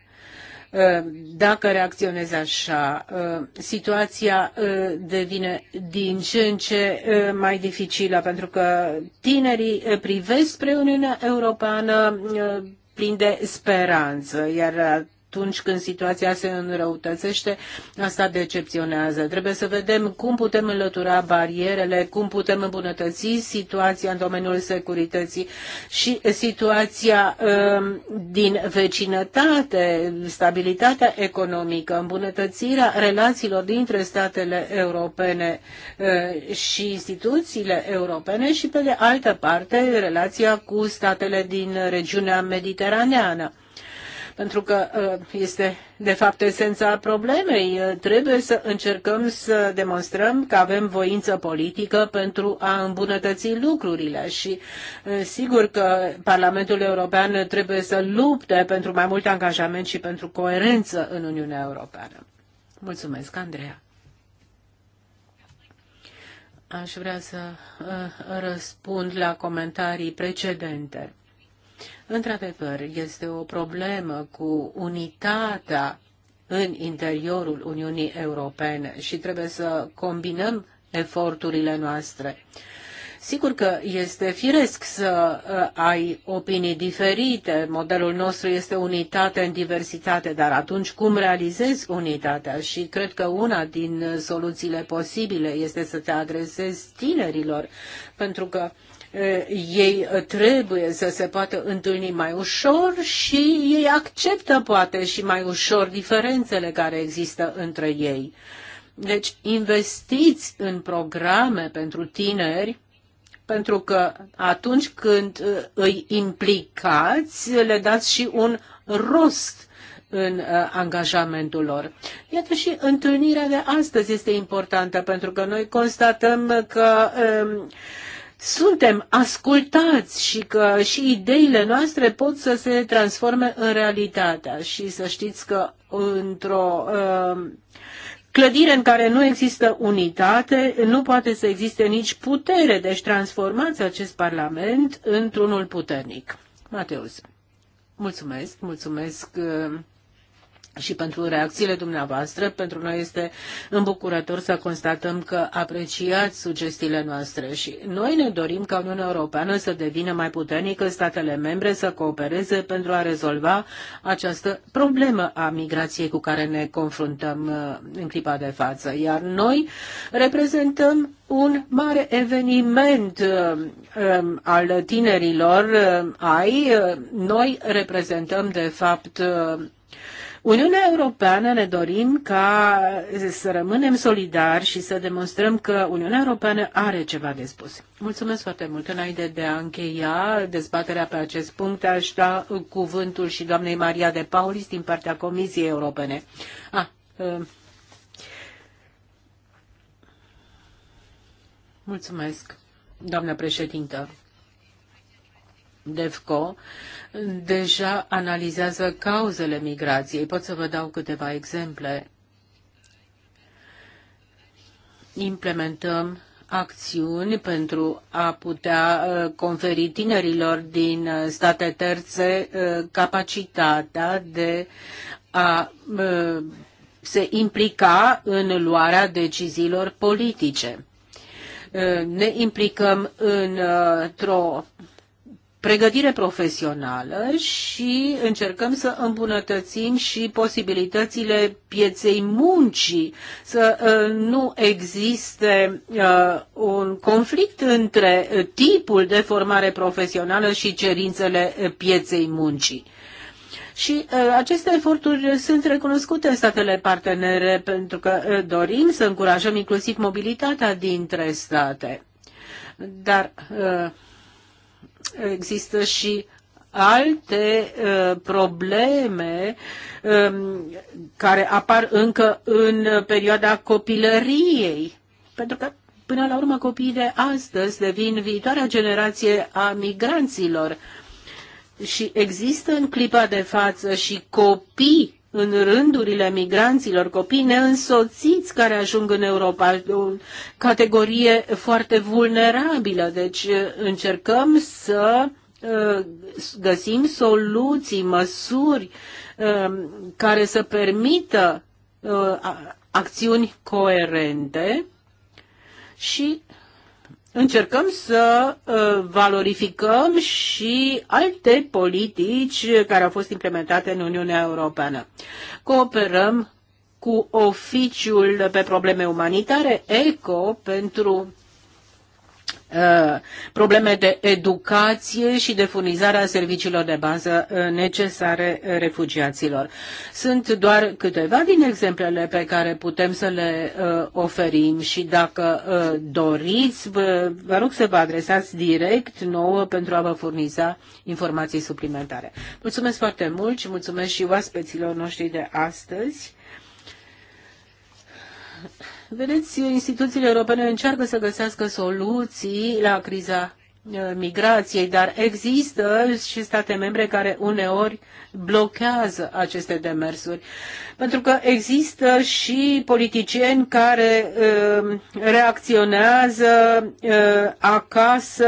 Ă, dacă reacționez așa, ă, situația ă, devine din ce în ce mai dificilă, pentru că tinerii privesc spre Uniunea Europeană plin de speranță, iar atunci când situația se înrăutățește, asta decepționează. Trebuie să vedem cum putem înlătura barierele, cum putem îmbunătăți situația în domeniul securității și situația um, din vecinătate, stabilitatea economică, îmbunătățirea relațiilor dintre statele europene uh, și instituțiile europene și, pe de altă parte, relația cu statele din regiunea mediteraneană pentru că uh, este de fapt esența problemei. Uh, trebuie să încercăm să demonstrăm că avem voință politică pentru a îmbunătăți lucrurile și uh, sigur că Parlamentul European trebuie să lupte pentru mai mult angajament și pentru coerență în Uniunea Europeană. Mulțumesc, Andreea. Aș vrea să răspund la comentarii precedente. Într-adevăr, este o problemă cu unitatea în interiorul Uniunii Europene și trebuie să combinăm eforturile noastre. Sigur că este firesc să uh, ai opinii diferite. Modelul nostru este unitate în diversitate, dar atunci cum realizezi unitatea? Și cred că una din soluțiile posibile este să te adresezi tinerilor, pentru că ei trebuie să se poată întâlni mai ușor și ei acceptă poate și mai ușor diferențele care există între ei. Deci investiți în programe pentru tineri pentru că atunci când uh, îi implicați, le dați și un rost în uh, angajamentul lor. Iată și întâlnirea de astăzi este importantă, pentru că noi constatăm că um, suntem ascultați și că și ideile noastre pot să se transforme în realitatea și să știți că într-o uh, Clădire în care nu există unitate, nu poate să existe nici putere, deci transformați acest Parlament într-unul puternic. Mateus, mulțumesc, mulțumesc uh, și pentru reacțiile dumneavoastră. Pentru noi este îmbucurător să constatăm că apreciați sugestiile noastre și noi ne dorim ca Uniunea Europeană să devină mai puternică, statele membre să coopereze pentru a rezolva această problemă a migrației cu care ne confruntăm uh, în clipa de față. Iar noi reprezentăm un mare eveniment uh, um, al tinerilor uh, ai. Noi reprezentăm, de fapt, Uniunea Europeană ne dorim ca să rămânem solidari și să demonstrăm că Uniunea Europeană are ceva de spus. Mulțumesc foarte mult. Înainte de a încheia dezbaterea pe acest punct, aș da cuvântul și doamnei Maria de Paulis din partea Comisiei Europene. Ah, uh, mulțumesc, doamnă președintă. DEFCO deja analizează cauzele migrației. Pot să vă dau câteva exemple. Implementăm acțiuni pentru a putea uh, conferi tinerilor din uh, state terțe uh, capacitatea de a se implica în luarea deciziilor politice. Ne implicăm într-o pregătire profesională și încercăm să îmbunătățim și posibilitățile pieței muncii, să uh, nu existe uh, un conflict între uh, tipul de formare profesională și cerințele pieței muncii. Și uh, aceste eforturi sunt recunoscute în statele partenere pentru că uh, dorim să încurajăm inclusiv mobilitatea dintre state. Dar uh, există și alte uh, probleme um, care apar încă în perioada copilăriei. Pentru că, până la urmă, copiii de astăzi devin viitoarea generație a migranților. Și există în clipa de față și copii în rândurile migranților, copii neînsoțiți care ajung în Europa, o categorie foarte vulnerabilă. Deci uh, încercăm să uh, găsim soluții, măsuri uh, care să permită acțiuni coerente și încercăm să uh, valorificăm și alte politici care au fost implementate în Uniunea Europeană. Cooperăm cu oficiul pe probleme umanitare ECO pentru Uh, probleme de educație și de furnizarea serviciilor de bază uh, necesare uh, refugiaților. Sunt doar câteva din exemplele pe care putem să le oferim și dacă doriți, vă, vă rog să vă adresați direct nouă pentru a vă furniza informații suplimentare. Mulțumesc foarte mult și mulțumesc și oaspeților noștri de astăzi. Vedeți, instituțiile europene încearcă să găsească soluții la criza Uh, migrației, dar există și state membre care uneori blochează aceste demersuri. Pentru că există și politicieni care uh, reacționează uh, acasă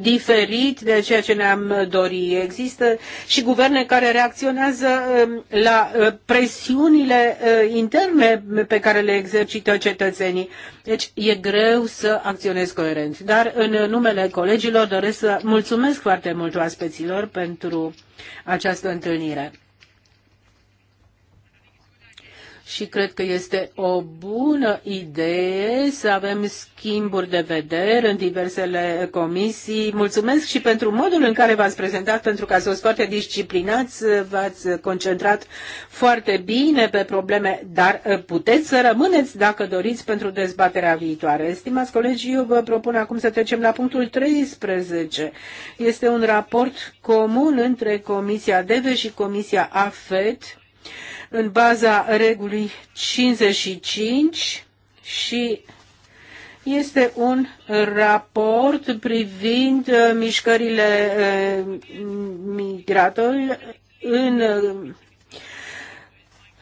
diferit de ceea ce ne-am dorit. Există și guverne care reacționează um, la presiunile interne pe care le exercită cetățenii. Deci e greu să acționez coerent. Dar în numele colegilor doresc să mulțumesc foarte mult oaspeților pentru această întâlnire și cred că este o bună idee să avem schimburi de vedere în diversele comisii. Mulțumesc și pentru modul în care v-ați prezentat, pentru că ați fost foarte disciplinați, v-ați concentrat foarte bine pe probleme, dar puteți să rămâneți dacă doriți pentru dezbaterea viitoare. Stimați colegi, eu vă propun acum să trecem la punctul 13. Este un raport comun între Comisia DEVE și Comisia AFET în baza regulii 55 și este un raport privind uh, mișcările uh, migratorii în uh,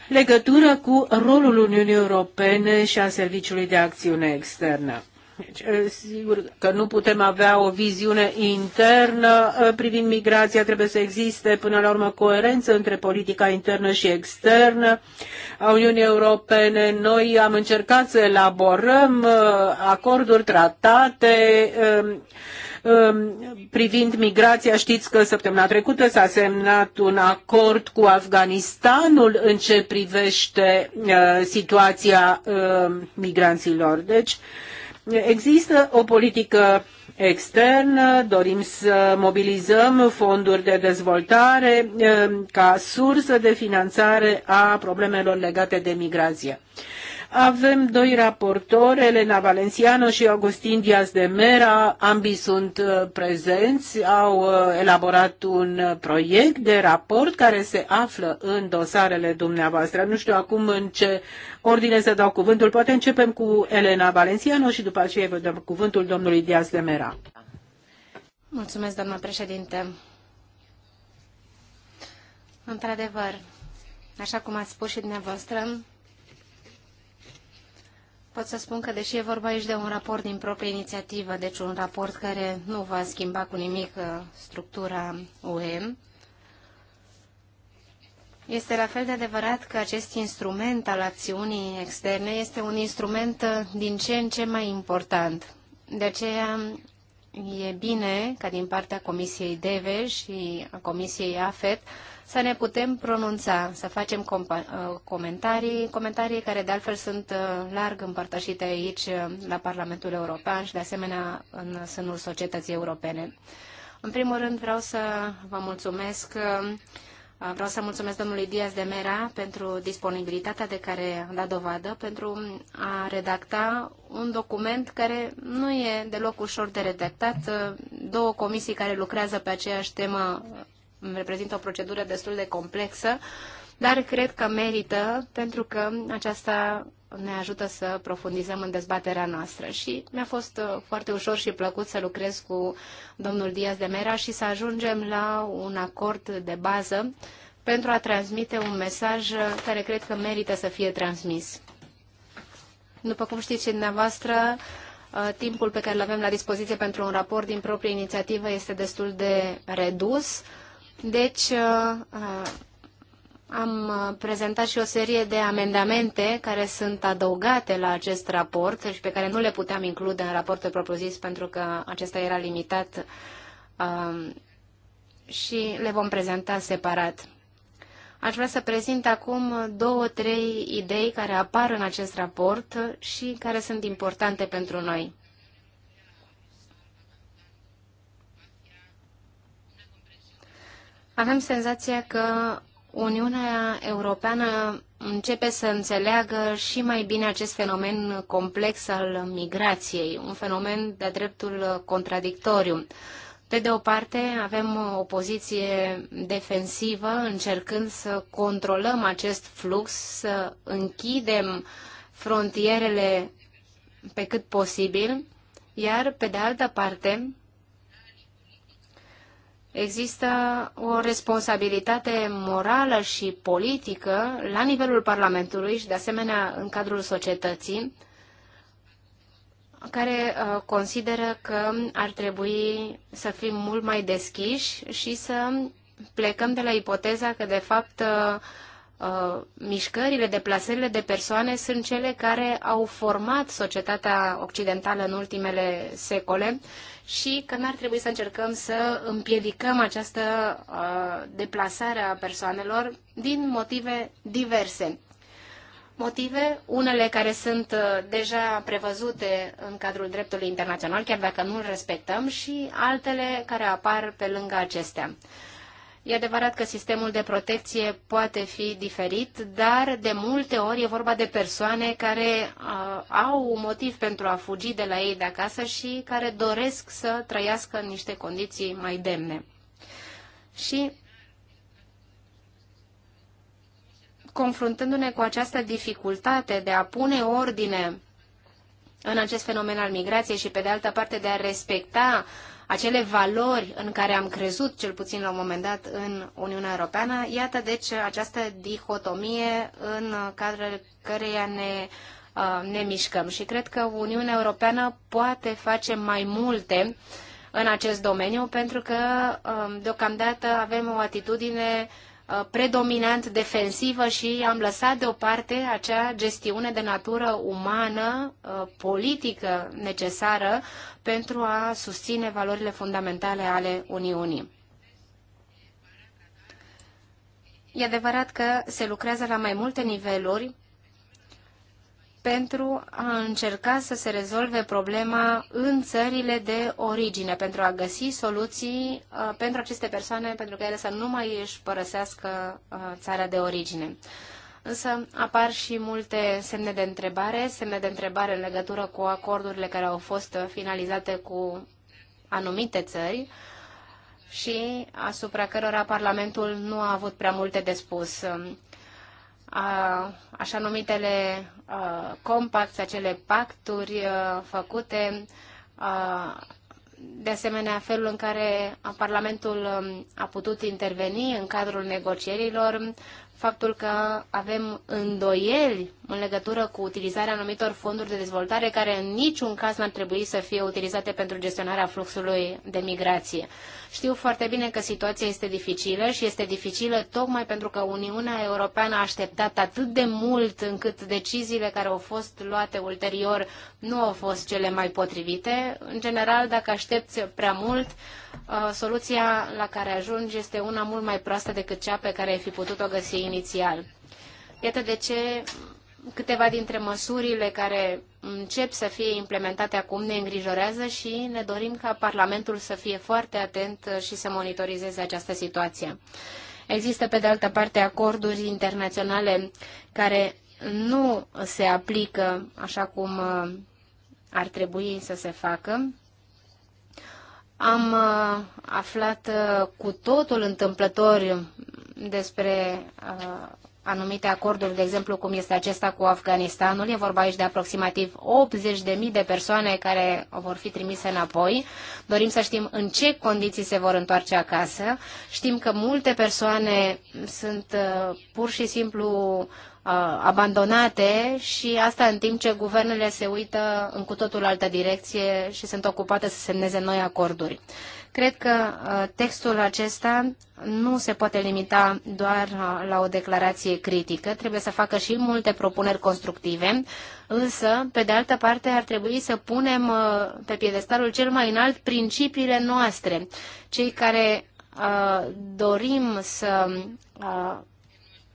legătură cu rolul Uniunii Europene și a Serviciului de Acțiune Externă. Deci, sigur că nu putem avea o viziune internă privind migrația, trebuie să existe până la urmă coerență între politica internă și externă a Uniunii Europene. Noi am încercat să elaborăm acorduri, tratate privind migrația. Știți că săptămâna trecută s-a semnat un acord cu Afganistanul în ce privește situația migranților. Deci, Există o politică externă, dorim să mobilizăm fonduri de dezvoltare eh, ca sursă de finanțare a problemelor legate de migrație. Avem doi raportori, Elena Valenciano și Augustin Diaz de Mera, ambii sunt uh, prezenți, au uh, elaborat un uh, proiect de raport care se află în dosarele dumneavoastră. Nu știu acum în ce ordine să dau cuvântul, poate începem cu Elena Valenciano și după aceea vă dăm cuvântul domnului Diaz de Mera. Mulțumesc, doamnă președinte. Într-adevăr, așa cum ați spus și dumneavoastră, pot să spun că deși e vorba aici de un raport din proprie inițiativă, deci un raport care nu va schimba cu nimic uh, structura UE, este la fel de adevărat că acest instrument al acțiunii externe este un instrument uh, din ce în ce mai important. De aceea e bine ca din partea Comisiei DEVE și a Comisiei AFET să ne putem pronunța, să facem uh, comentarii, comentarii care de altfel sunt uh, larg împărtășite aici uh, la Parlamentul European și de asemenea în sânul societății europene. În primul rând vreau să vă mulțumesc Vreau să mulțumesc domnului Diaz de Mera pentru disponibilitatea de care a dat dovadă pentru a redacta un document care nu e deloc ușor de redactat. Două comisii care lucrează pe aceeași temă reprezintă o procedură destul de complexă, dar cred că merită pentru că aceasta ne ajută să profundizăm în dezbaterea noastră. Și mi-a fost uh, foarte ușor și plăcut să lucrez cu domnul Diaz de Mera și să ajungem la un acord de bază pentru a transmite un mesaj uh, care cred că merită să fie transmis. După cum știți și dumneavoastră, uh, timpul pe care îl avem la dispoziție pentru un raport din proprie inițiativă este destul de redus. Deci, am uh, prezentat și o serie de amendamente care sunt adăugate la acest raport și pe care nu le puteam include în raportul propriu-zis pentru că acesta era limitat um, și le vom prezenta separat. Aș vrea să prezint acum două, trei idei care apar în acest raport și care sunt importante pentru noi. Avem senzația că Uniunea Europeană începe să înțeleagă și mai bine acest fenomen complex al migrației, un fenomen de-a dreptul contradictoriu. Pe de o parte, avem o poziție defensivă, încercând să controlăm acest flux, să închidem frontierele pe cât posibil, iar pe de altă parte, există o responsabilitate morală și politică la nivelul Parlamentului și, de asemenea, în cadrul societății, care uh, consideră că ar trebui să fim mult mai deschiși și să plecăm de la ipoteza că, de fapt, uh, uh, mișcările, deplasările de persoane sunt cele care au format societatea occidentală în ultimele secole și că n-ar trebui să încercăm să împiedicăm această uh, deplasare a persoanelor din motive diverse. Motive, unele care sunt uh, deja prevăzute în cadrul dreptului internațional, chiar dacă nu îl respectăm, și altele care apar pe lângă acestea. E adevărat că sistemul de protecție poate fi diferit, dar de multe ori e vorba de persoane care uh, au un motiv pentru a fugi de la ei de acasă și care doresc să trăiască în niște condiții mai demne. Și confruntându-ne cu această dificultate de a pune ordine în acest fenomen al migrației și, pe de altă parte, de a respecta uh, acele valori în care am crezut, cel puțin la un moment dat, în Uniunea Europeană. Iată, deci, această dihotomie în cadrul căreia ne, uh, ne mișcăm. Și cred că Uniunea Europeană poate face mai multe în acest domeniu, pentru că, um, deocamdată, avem o atitudine uh, Uh, predominant defensivă și am lăsat deoparte acea gestiune de natură umană, uh, politică necesară pentru a susține valorile fundamentale ale Uniunii. E adevărat că se lucrează la mai multe niveluri pentru a încerca să se rezolve problema în țările de origine, pentru a găsi soluții uh, pentru aceste persoane, pentru că ele să nu mai își părăsească uh, țara de origine. Însă apar și multe semne de întrebare, semne de întrebare în legătură cu acordurile care au fost finalizate cu anumite țări și asupra cărora Parlamentul nu a avut prea multe de spus așa numitele compact, compacts, acele pacturi făcute, de asemenea felul în care Parlamentul a putut interveni în cadrul negocierilor, faptul că avem îndoieli în legătură cu utilizarea anumitor fonduri de dezvoltare care în niciun caz n-ar trebui să fie utilizate pentru gestionarea fluxului de migrație. Știu foarte bine că situația este dificilă și este dificilă tocmai pentru că Uniunea Europeană a așteptat atât de mult încât deciziile care au fost luate ulterior nu au fost cele mai potrivite. În general, dacă aștepți prea mult, uh, soluția la care ajungi este una mult mai proastă decât cea pe care ai fi putut-o găsi inițial. Iată de ce câteva dintre măsurile care încep să fie implementate acum ne îngrijorează și ne dorim ca Parlamentul să fie foarte atent și să monitorizeze această situație. Există, pe de altă parte, acorduri internaționale care nu se aplică așa cum uh, ar trebui să se facă. Am uh, aflat uh, cu totul întâmplător despre anumite acorduri, de exemplu cum este acesta cu Afganistanul. E vorba aici de aproximativ 80.000 de persoane care vor fi trimise înapoi. Dorim să știm în ce condiții se vor întoarce acasă. Știm că multe persoane sunt uh, pur și simplu uh, abandonate și asta în timp ce guvernele se uită în cu totul altă direcție și sunt ocupate să semneze noi acorduri. Cred că uh, textul acesta nu se poate limita doar uh, la o declarație critică, trebuie să facă și multe propuneri constructive, însă, pe de altă parte, ar trebui să punem uh, pe piedestalul cel mai înalt principiile noastre, cei care dorim să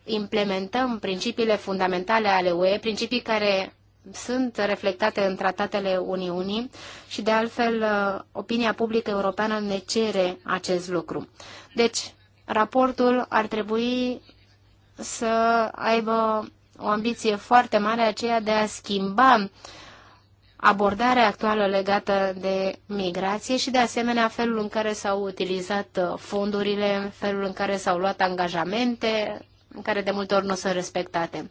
implementăm principiile fundamentale ale UE, principii care sunt reflectate în tratatele Uniunii și, de altfel, uh, opinia publică europeană ne cere acest lucru. Deci, raportul ar trebui să aibă o ambiție foarte mare, aceea de a schimba abordarea actuală legată de migrație și, de asemenea, felul în care s-au utilizat uh, fondurile, felul în care s-au luat angajamente, în care de multe ori nu sunt respectate.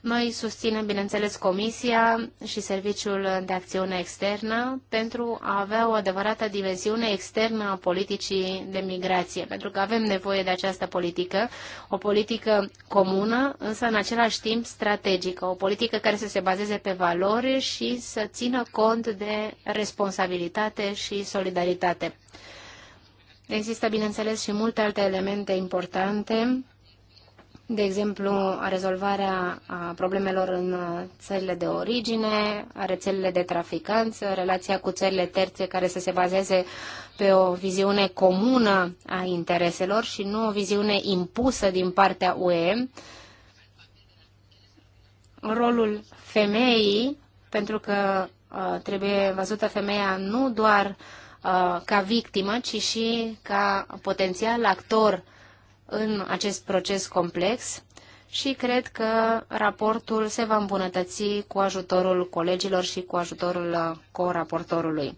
Noi susținem, bineînțeles, Comisia și Serviciul de Acțiune Externă pentru a avea o adevărată dimensiune externă a politicii de migrație, pentru că avem nevoie de această politică, o politică comună, însă în același timp strategică, o politică care să se bazeze pe valori și să țină cont de responsabilitate și solidaritate. Există, bineînțeles, și multe alte elemente importante de exemplu, rezolvarea problemelor în țările de origine, a rețelele de traficanți, relația cu țările terțe care să se bazeze pe o viziune comună a intereselor și nu o viziune impusă din partea UE, rolul femeii, pentru că uh, trebuie văzută femeia nu doar uh, ca victimă, ci și ca potențial actor în acest proces complex și cred că raportul se va îmbunătăți cu ajutorul colegilor și cu ajutorul co-raportorului.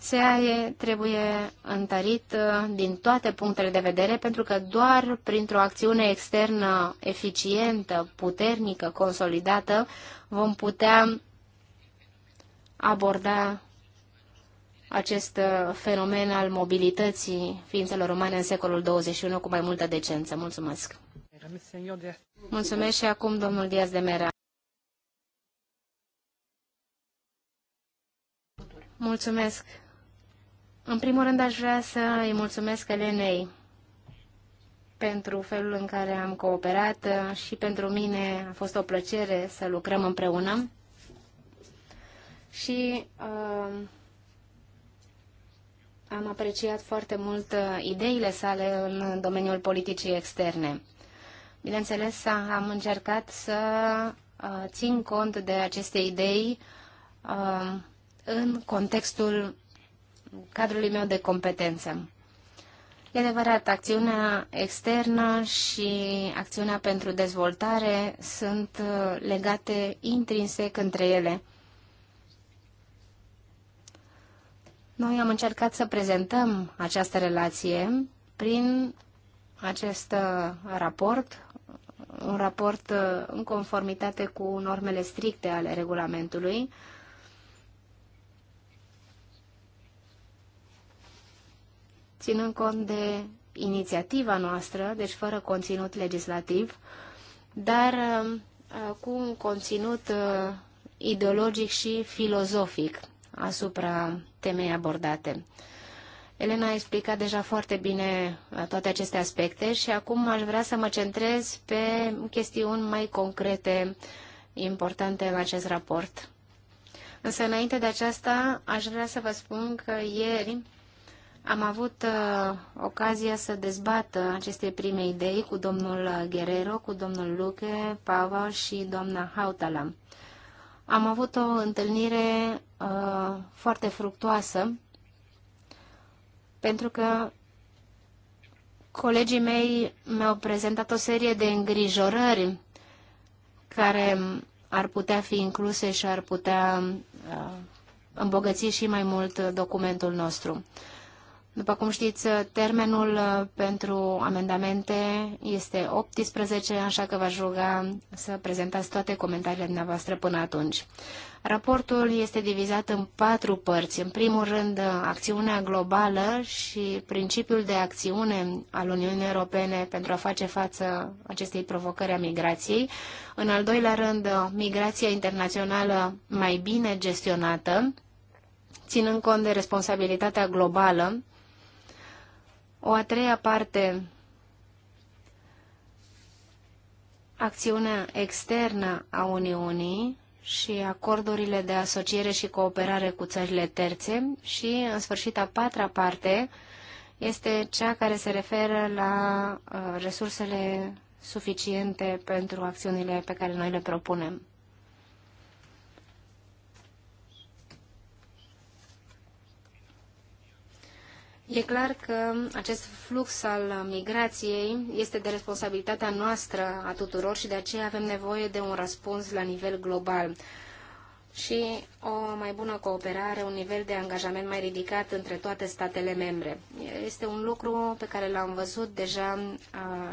SEAE trebuie întărit uh, din toate punctele de vedere pentru că doar printr-o acțiune externă eficientă, puternică, consolidată, vom putea aborda acest uh, fenomen al mobilității ființelor umane în secolul 21 cu mai multă decență. Mulțumesc! Mulțumesc și acum domnul Diaz de Mera. Mulțumesc! În primul rând aș vrea să îi mulțumesc Elenei pentru felul în care am cooperat uh, și pentru mine a fost o plăcere să lucrăm împreună. Și uh, am apreciat foarte mult uh, ideile sale în domeniul politicii externe. Bineînțeles, am încercat să uh, țin cont de aceste idei uh, în contextul cadrului meu de competență. E adevărat, acțiunea externă și acțiunea pentru dezvoltare sunt legate intrinsec între ele. Noi am încercat să prezentăm această relație prin acest uh, raport, un raport uh, în conformitate cu normele stricte ale regulamentului, ținând cont de inițiativa noastră, deci fără conținut legislativ, dar uh, cu un conținut ideologic și filozofic asupra temei abordate. Elena a explicat deja foarte bine uh, toate aceste aspecte și acum aș vrea să mă centrez pe chestiuni mai concrete importante în acest raport. Însă înainte de aceasta aș vrea să vă spun că ieri am avut uh, ocazia să dezbat uh, aceste prime idei cu domnul Guerrero, cu domnul Luque, Pava și doamna Hautala. Am avut o întâlnire uh, foarte fructuoasă pentru că colegii mei mi-au prezentat o serie de îngrijorări care ar putea fi incluse și ar putea uh, îmbogăți și mai mult documentul nostru. Uh, după cum știți, termenul uh, pentru amendamente este 18, așa că v-aș ruga să prezentați toate comentariile dumneavoastră până atunci. Raportul este divizat în patru părți. În primul rând, uh, acțiunea globală și principiul de acțiune al Uniunii Europene pentru a face față acestei provocări a migrației. În al doilea rând, uh, migrația internațională mai bine gestionată, ținând cont de responsabilitatea globală o a treia parte, acțiunea externă a Uniunii și acordurile de asociere și cooperare cu țările terțe și, în sfârșit, a patra parte este cea care se referă la uh, resursele suficiente pentru acțiunile pe care noi le propunem. E clar că acest flux al migrației este de responsabilitatea noastră a tuturor și de aceea avem nevoie de un răspuns la nivel global și o mai bună cooperare, un nivel de angajament mai ridicat între toate statele membre. Este un lucru pe care l-am văzut deja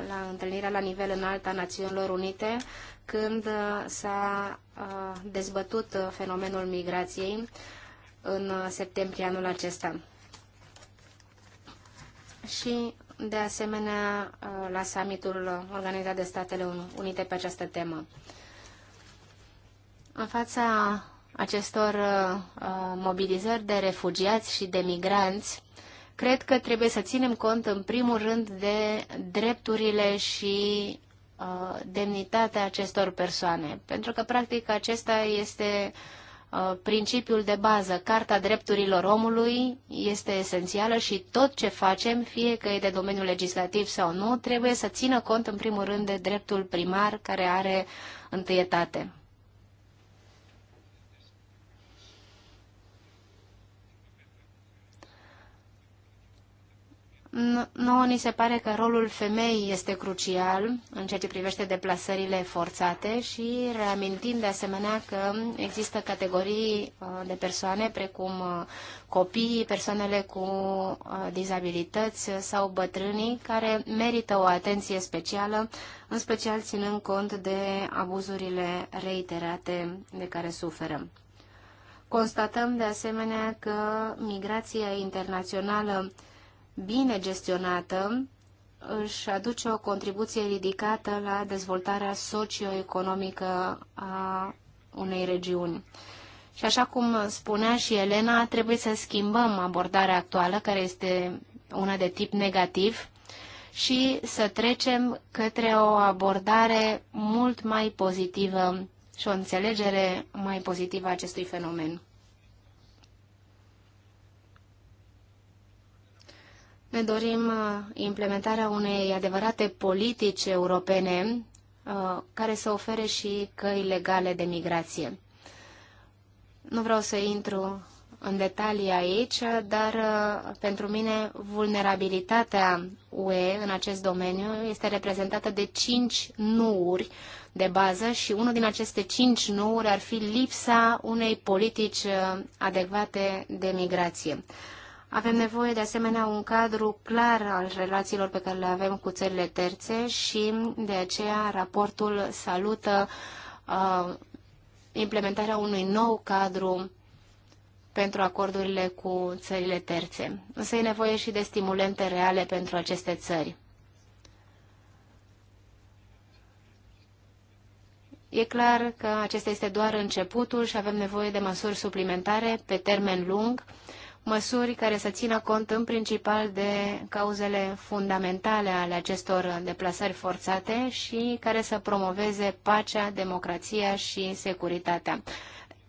la întâlnirea la nivel înalt a Națiunilor Unite, când s-a dezbătut fenomenul migrației în septembrie anul acesta și, de asemenea, uh, la summitul organizat de Statele Unite pe această temă. În fața acestor uh, uh, mobilizări de refugiați și de migranți, cred că trebuie să ținem cont, în primul rând, de drepturile și demnitatea acestor persoane. Pentru că, practic, acesta este uh, Uh, principiul de bază, Carta Drepturilor Omului, este esențială și tot ce facem, fie că e de domeniul legislativ sau nu, trebuie să țină cont în primul rând de dreptul primar care are întâietate. Nouă ni se pare că rolul femeii este crucial în ceea ce privește deplasările forțate și reamintim de asemenea că există categorii uh, de persoane precum uh, copiii, persoanele cu uh, dizabilități sau bătrânii care merită o atenție specială, în special ținând cont de abuzurile reiterate de care suferă. Constatăm de asemenea că migrația internațională bine gestionată își aduce o contribuție ridicată la dezvoltarea socioeconomică a unei regiuni. Și așa cum spunea și Elena, trebuie să schimbăm abordarea actuală, care este una de tip negativ, și să trecem către o abordare mult mai pozitivă și o înțelegere mai pozitivă a acestui fenomen. Ne dorim uh, implementarea unei adevărate politici europene uh, care să ofere și căi legale de migrație. Nu vreau să intru în detalii aici, dar uh, pentru mine vulnerabilitatea UE în acest domeniu este reprezentată de cinci nuuri de bază și unul din aceste cinci nuuri ar fi lipsa unei politici adecvate de migrație. Avem nevoie de asemenea un cadru clar al relațiilor pe care le avem cu țările terțe și de aceea raportul salută uh, implementarea unui nou cadru pentru acordurile cu țările terțe. Însă e nevoie și de stimulente reale pentru aceste țări. E clar că acesta este doar începutul și avem nevoie de măsuri suplimentare pe termen lung măsuri care să țină cont în principal de cauzele fundamentale ale acestor deplasări forțate și care să promoveze pacea, democrația și securitatea.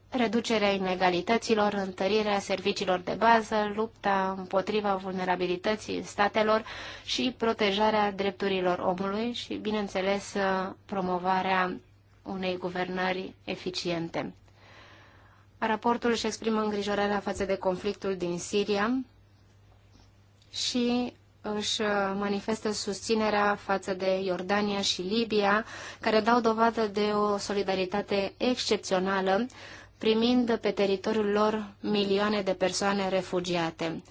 Reducerea inegalităților, întărirea serviciilor de bază, lupta împotriva vulnerabilității statelor și protejarea drepturilor omului și, bineînțeles, promovarea unei guvernări eficiente. Raportul își exprimă îngrijorarea față de conflictul din Siria și își uh, manifestă susținerea față de Iordania și Libia, care dau dovadă de o solidaritate excepțională, primind pe teritoriul lor milioane de persoane refugiate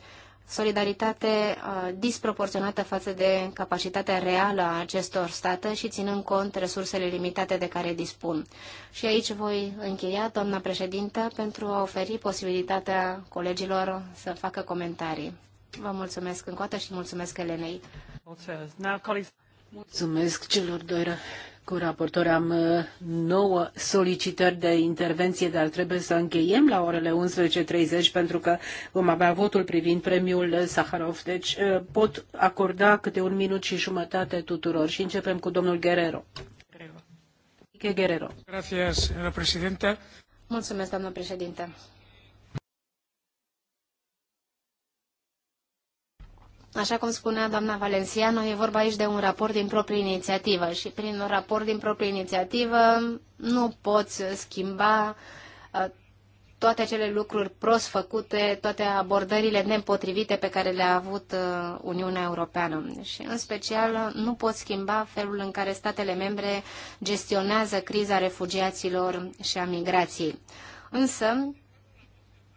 solidaritate uh, disproporționată față de capacitatea reală a acestor state și ținând cont resursele limitate de care dispun. Și aici voi încheia, doamna președintă, pentru a oferi posibilitatea colegilor să facă comentarii. Vă mulțumesc încă o dată și mulțumesc Elenei. Mulțumesc celor doi cu raportori am uh, nouă solicitări de intervenție, dar trebuie să încheiem la orele 11.30 pentru că vom avea votul privind premiul Saharov. Deci uh, pot acorda câte un minut și jumătate tuturor și începem cu domnul Guerrero. Guerrero. Guerrero. Mulțumesc, doamnă președinte. Așa cum spunea doamna Valenciano, e vorba aici de un raport din proprie inițiativă și prin un raport din proprie inițiativă nu poți schimba uh, toate acele lucruri prost făcute, toate abordările nepotrivite pe care le-a avut uh, Uniunea Europeană. Și, în special, nu pot schimba felul în care statele membre gestionează criza refugiaților și a migrației. Însă,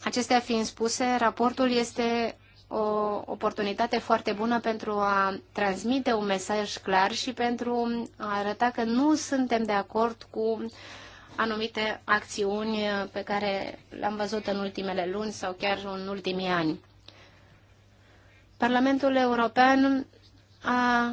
acestea fiind spuse, raportul este o oportunitate foarte bună pentru a transmite un mesaj clar și pentru a arăta că nu suntem de acord cu anumite acțiuni pe care le-am văzut în ultimele luni sau chiar în ultimii ani. Parlamentul European a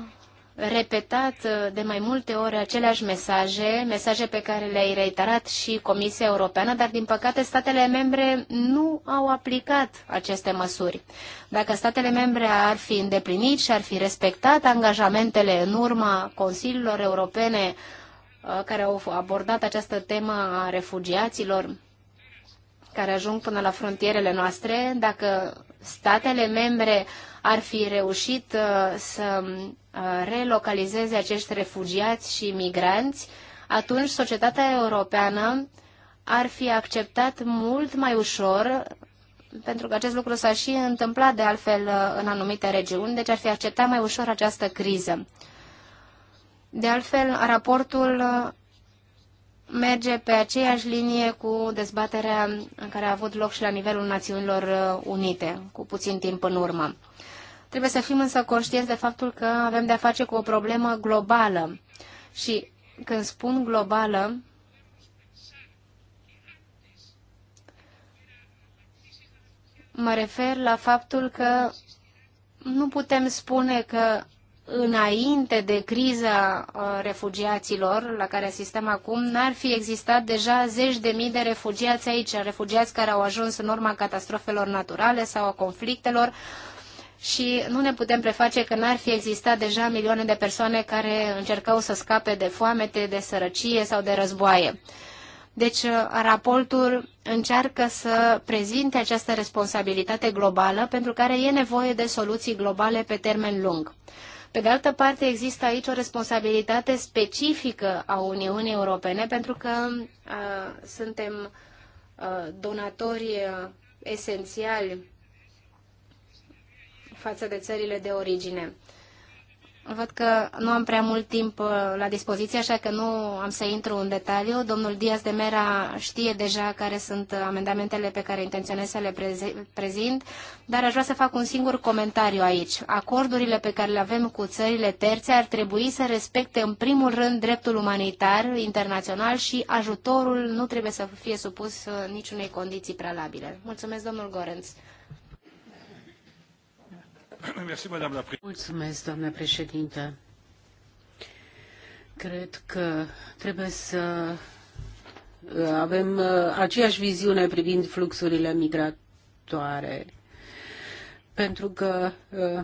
repetat uh, de mai multe ori aceleași mesaje, mesaje pe care le-a reiterat și Comisia Europeană, dar din păcate statele membre nu au aplicat aceste măsuri. Dacă statele membre ar fi îndeplinit și ar fi respectat angajamentele în urma Consiliilor Europene uh, care au abordat această temă a refugiaților care ajung până la frontierele noastre, dacă statele membre ar fi reușit uh, să Uh, relocalizeze acești refugiați și migranți, atunci societatea europeană ar fi acceptat mult mai ușor, pentru că acest lucru s-a și întâmplat de altfel uh, în anumite regiuni, deci ar fi acceptat mai ușor această criză. De altfel, raportul uh, merge pe aceeași linie cu dezbaterea în care a avut loc și la nivelul Națiunilor Unite, cu puțin timp în urmă. Trebuie să fim însă conștienți de faptul că avem de-a face cu o problemă globală. Și când spun globală, mă refer la faptul că nu putem spune că înainte de criza uh, refugiaților la care asistăm acum, n-ar fi existat deja zeci de mii de refugiați aici, refugiați care au ajuns în urma catastrofelor naturale sau a conflictelor și nu ne putem preface că n-ar fi existat deja milioane de persoane care încercau să scape de foamete, de sărăcie sau de războaie. Deci, uh, raportul încearcă să prezinte această responsabilitate globală pentru care e nevoie de soluții globale pe termen lung. Pe de altă parte, există aici o responsabilitate specifică a Uniunii Europene pentru că a, uh, suntem a, uh, donatori esențiali față de țările de origine. Văd că nu am prea mult timp uh, la dispoziție, așa că nu am să intru în detaliu. Domnul Diaz de Mera știe deja care sunt uh, amendamentele pe care intenționez să le prezint, dar aș vrea să fac un singur comentariu aici. Acordurile pe care le avem cu țările terțe ar trebui să respecte în primul rând dreptul umanitar internațional și ajutorul nu trebuie să fie supus uh, niciunei condiții prealabile. Mulțumesc, domnul Gorenț. Mulțumesc, doamnă Cred că trebuie să uh, avem uh, aceeași viziune privind fluxurile migratoare. Pentru că uh,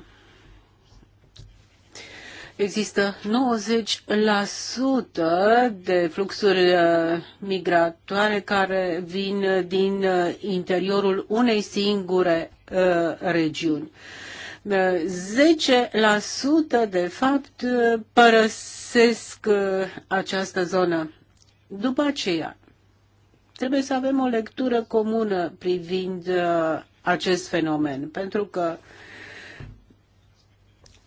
există 90% de fluxuri migratoare care vin din interiorul unei singure regiuni. 10% de fapt părăsesc uh, această zonă. După aceea, trebuie să avem o lectură comună privind uh, acest fenomen, pentru că uh,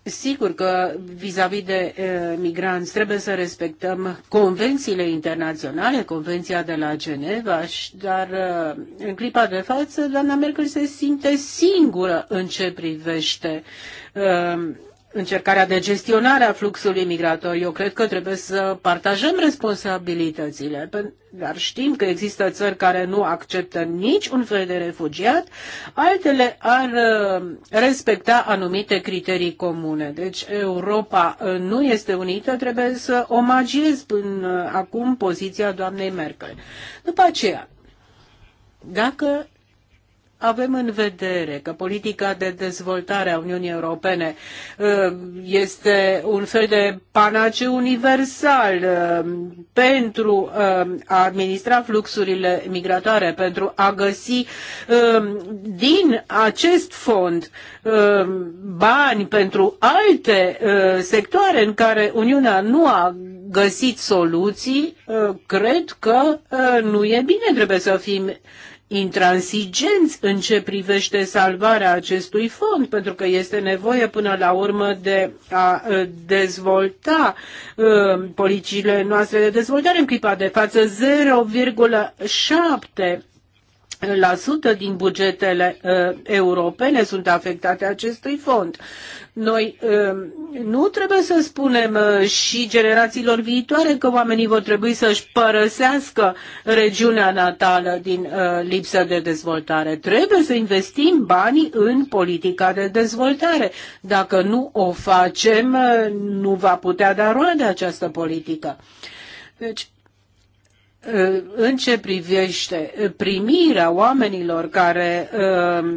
Sigur că vis-a-vis de migranți trebuie să respectăm convențiile internaționale, convenția de la Geneva, dar uh, în clipa de față doamna Merkel se simte singură în ce privește încercarea de gestionare a fluxului migrator. Eu cred că trebuie să partajăm responsabilitățile, dar știm că există țări care nu acceptă nici un fel de refugiat, altele ar uh, respecta anumite criterii comune. Deci Europa uh, nu este unită, trebuie să omagiez până acum poziția doamnei Merkel. După aceea, dacă avem în vedere că politica de dezvoltare a Uniunii Europene uh, este un fel de panace universal uh, pentru uh, a administra fluxurile migratoare, pentru a găsi din acest fond bani pentru alte sectoare în care Uniunea nu a găsit soluții, cred că nu e bine, trebuie să fim intransigenți în ce privește salvarea acestui fond, pentru că este nevoie până la urmă de a uh, dezvolta uh, politicile noastre de dezvoltare în clipa de față 0,7 la sută din bugetele uh, europene sunt afectate acestui fond. Noi um, nu trebuie să spunem uh, și generațiilor viitoare că oamenii vor trebui să-și părăsească regiunea natală din uh, lipsă de dezvoltare. Trebuie să investim banii în politica de dezvoltare. Dacă nu o facem, uh, nu va putea da roade această politică. Deci, în ce privește primirea oamenilor care uh,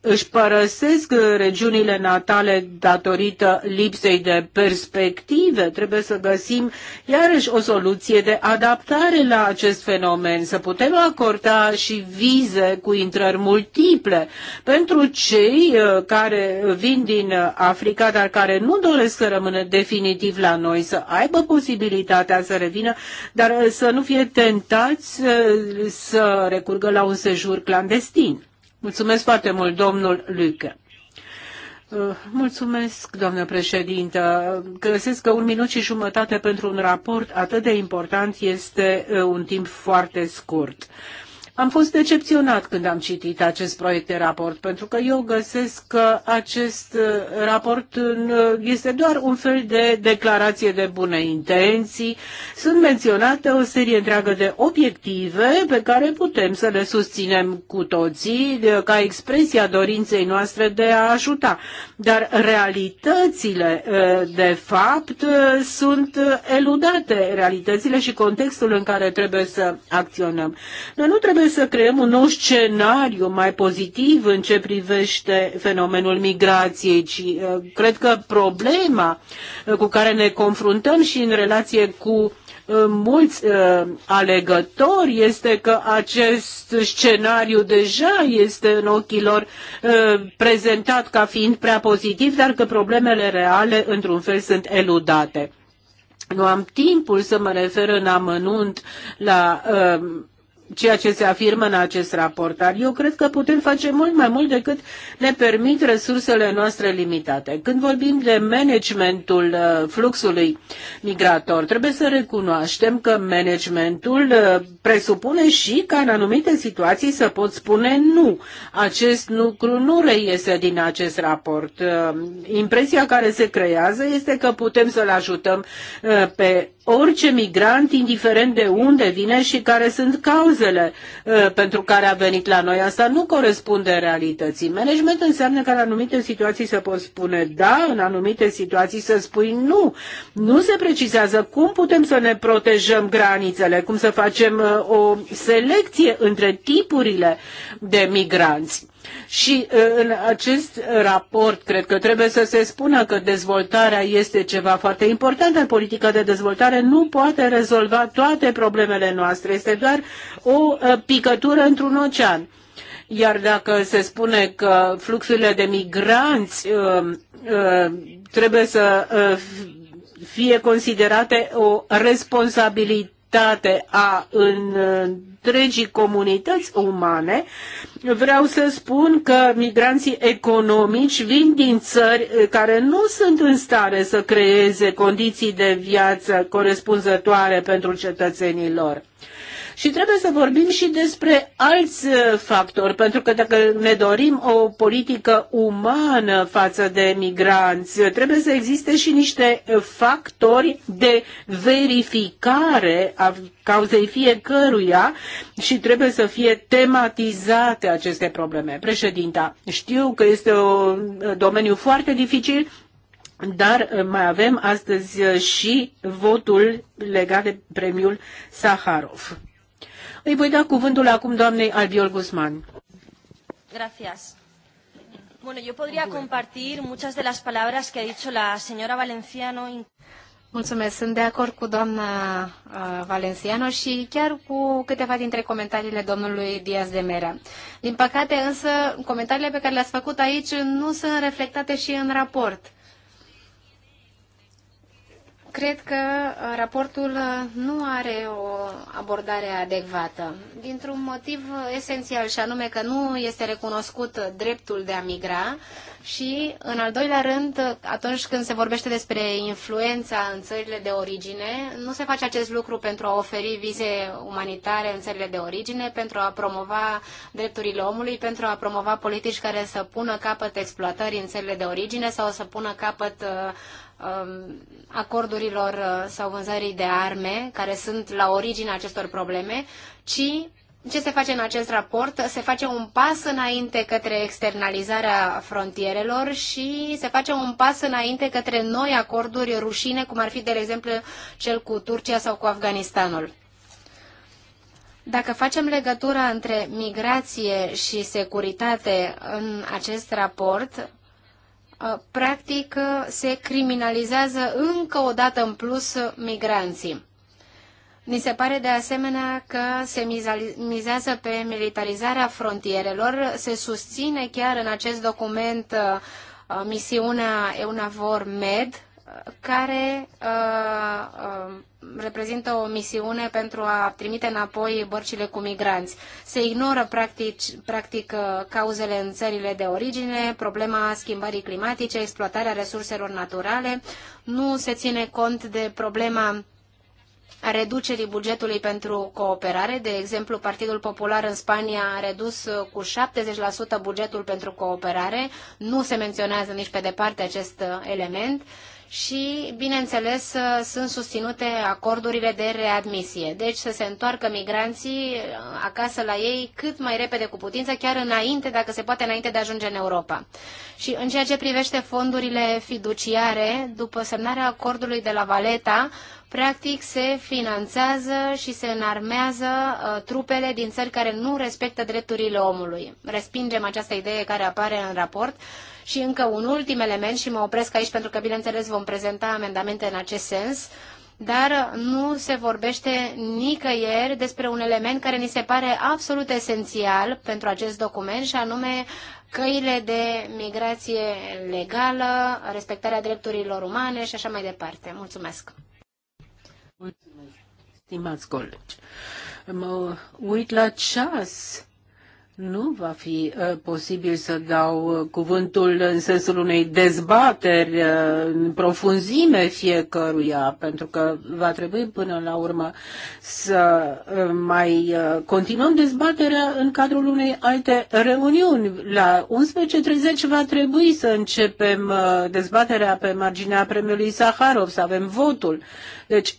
își părăsesc uh, regiunile natale datorită lipsei de perspective. Trebuie să găsim iarăși o soluție de adaptare la acest fenomen, să putem acorda și vize cu intrări multiple pentru cei uh, care vin din Africa, dar care nu doresc să rămână definitiv la noi, să aibă posibilitatea să revină, dar uh, să nu fie tentați să recurgă la un sejur clandestin. Mulțumesc foarte mult, domnul Lucă. Uh, mulțumesc, doamnă președintă. Găsesc că un minut și jumătate pentru un raport atât de important este uh, un timp foarte scurt. Am fost decepționat când am citit acest proiect de raport, pentru că eu găsesc că acest uh, raport uh, este doar un fel de declarație de bune intenții. Sunt menționate o serie întreagă de obiective pe care putem să le susținem cu toții ca expresia dorinței noastre de a ajuta. Dar realitățile, uh, de fapt, sunt eludate, realitățile și contextul în care trebuie să acționăm. Noi nu trebuie Trebuie să creăm un nou scenariu mai pozitiv în ce privește fenomenul migrației și uh, cred că problema uh, cu care ne confruntăm și în relație cu uh, mulți uh, alegători este că acest scenariu deja este în ochii lor uh, prezentat ca fiind prea pozitiv, dar că problemele reale într-un fel sunt eludate. Nu am timpul să mă refer în amănunt la uh, ceea ce se afirmă în acest raport, dar eu cred că putem face mult mai mult decât ne permit resursele noastre limitate. Când vorbim de managementul uh, fluxului migrator, trebuie să recunoaștem că managementul uh, presupune și ca în anumite situații să pot spune nu. Acest lucru nu reiese din acest raport. Uh, impresia care se creează este că putem să-l ajutăm pe orice migrant, indiferent de unde vine și care sunt cauze scuzele uh, pentru care a venit la noi. Asta nu corespunde realității. Management înseamnă că în anumite situații să poți spune da, în anumite situații să spui nu. Nu se precizează cum putem să ne protejăm granițele, cum să facem uh, o selecție între tipurile de migranți. Și uh, în acest raport cred că trebuie să se spună că dezvoltarea este ceva foarte important în politica de dezvoltare, nu poate rezolva toate problemele noastre, este doar o uh, picătură într-un ocean. Iar dacă se spune că fluxurile de migranți uh, trebuie să fie considerate o responsabilitate, realitate a întregii comunități umane, vreau să spun că migranții economici vin din țări eh, care nu sunt în stare să creeze condiții de viață corespunzătoare pentru cetățenii lor. Și trebuie să vorbim și despre alți uh, factori, pentru că dacă ne dorim o politică umană față de migranți, trebuie să existe și niște uh, factori de verificare a cauzei fiecăruia și trebuie să fie tematizate aceste probleme. Președinta, știu că este un uh, domeniu foarte dificil, dar mai avem astăzi și votul legat de premiul Saharov. Îi voi da cuvântul acum doamnei Albiol Guzman. Gracias. Bueno, yo podría compartir muchas de las palabras que ha dicho la señora Valenciano. Mulțumesc, sunt de acord cu doamna uh, Valenciano și chiar cu câteva dintre comentariile domnului Diaz de Mera. Din păcate însă, comentariile pe care le-ați făcut aici nu sunt reflectate și în raport. Cred că uh, raportul uh, nu are o abordare adecvată, dintr-un motiv uh, esențial, și anume că nu este recunoscut dreptul de a migra și, în al doilea rând, atunci când se vorbește despre influența în țările de origine, nu se face acest lucru pentru a oferi vize umanitare în țările de origine, pentru a promova drepturile omului, pentru a promova politici care să pună capăt exploatării în țările de origine sau să pună capăt uh, Um, acordurilor uh, sau vânzării de arme care sunt la originea acestor probleme, ci ce se face în acest raport? Se face un pas înainte către externalizarea frontierelor și se face un pas înainte către noi acorduri rușine, cum ar fi, de exemplu, cel cu Turcia sau cu Afganistanul. Dacă facem legătura între migrație și securitate în acest raport, Uh, practic uh, se criminalizează încă o dată în plus uh, migranții. Ni se pare de asemenea că se mizează pe militarizarea frontierelor, se susține chiar în acest document misiunea EUNAVOR MED, care uh, uh, reprezintă o misiune pentru a trimite înapoi bărcile cu migranți. Se ignoră practic, practic uh, cauzele în țările de origine, problema schimbării climatice, exploatarea resurselor naturale, nu se ține cont de problema a reducerii bugetului pentru cooperare. De exemplu, Partidul Popular în Spania a redus uh, cu 70% bugetul pentru cooperare. Nu se menționează nici pe departe acest uh, element și, bineînțeles, sunt susținute acordurile de readmisie. Deci să se întoarcă migranții uh, acasă la ei cât mai repede cu putință, chiar înainte, dacă se poate, înainte de a ajunge în Europa. Și în ceea ce privește fondurile fiduciare, după semnarea acordului de la Valeta, practic se finanțează și se înarmează uh, trupele din țări care nu respectă drepturile omului. Respingem această idee care apare în raport și încă un ultim element și mă opresc aici pentru că, bineînțeles, vom prezenta amendamente în acest sens, dar nu se vorbește nicăieri despre un element care ni se pare absolut esențial pentru acest document și anume căile de migrație legală, respectarea drepturilor umane și așa mai departe. Mulțumesc! Mulțumesc, stimați colegi! Mă uit la ceas nu va fi uh, posibil să dau uh, cuvântul în sensul unei dezbateri uh, în profunzime fiecăruia, pentru că va trebui până la urmă să mai continuăm dezbaterea în cadrul unei alte reuniuni. La 11.30 va trebui să începem dezbaterea pe marginea premiului Saharov, să avem votul. Deci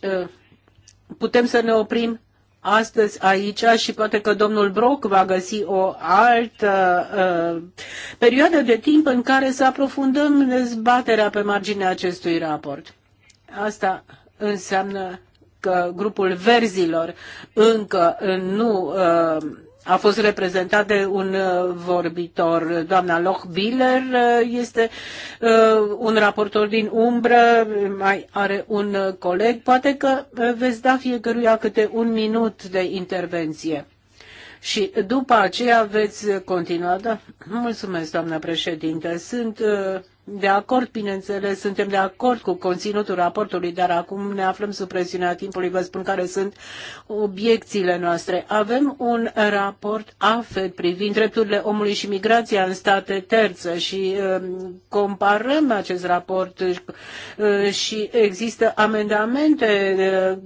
putem să ne oprim astăzi aici și poate că domnul Brock va găsi o altă uh, perioadă de timp în care să aprofundăm dezbaterea pe marginea acestui raport. Asta înseamnă că grupul verzilor încă nu uh, a fost reprezentat de un uh, vorbitor. Doamna Lochbiller uh, este uh, un raportor din umbră, mai are un coleg. Poate că veți da fiecăruia câte un minut de intervenție. Și după aceea veți continua. Da? Mulțumesc, doamna președinte. Sunt de acord, bineînțeles, suntem de acord cu conținutul raportului, dar acum ne aflăm sub presiunea timpului. Vă spun care sunt obiecțiile noastre. Avem un raport AFED privind drepturile omului și migrația în state terțe și um, comparăm acest raport uh, și există amendamente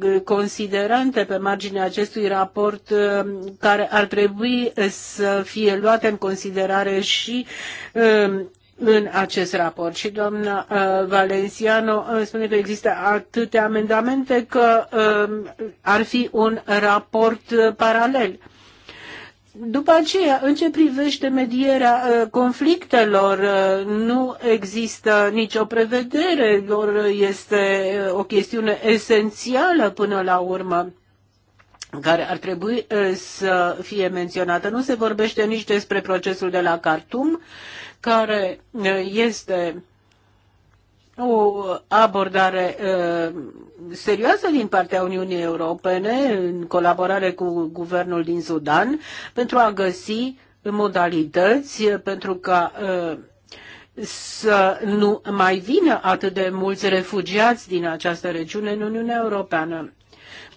uh, considerante pe marginea acestui raport uh, care ar trebui să fie luate în considerare și um, în acest raport. Și doamna uh, Valenciano uh, spune că există atâtea amendamente că uh, ar fi un raport uh, paralel. După aceea, în ce privește medierea uh, conflictelor, uh, nu există nicio prevedere, lor este uh, o chestiune esențială până la urmă care ar trebui uh, să fie menționată. Nu se vorbește nici despre procesul de la Cartum, care este o abordare serioasă din partea Uniunii Europene în colaborare cu guvernul din Sudan pentru a găsi modalități pentru ca să nu mai vină atât de mulți refugiați din această regiune în Uniunea Europeană.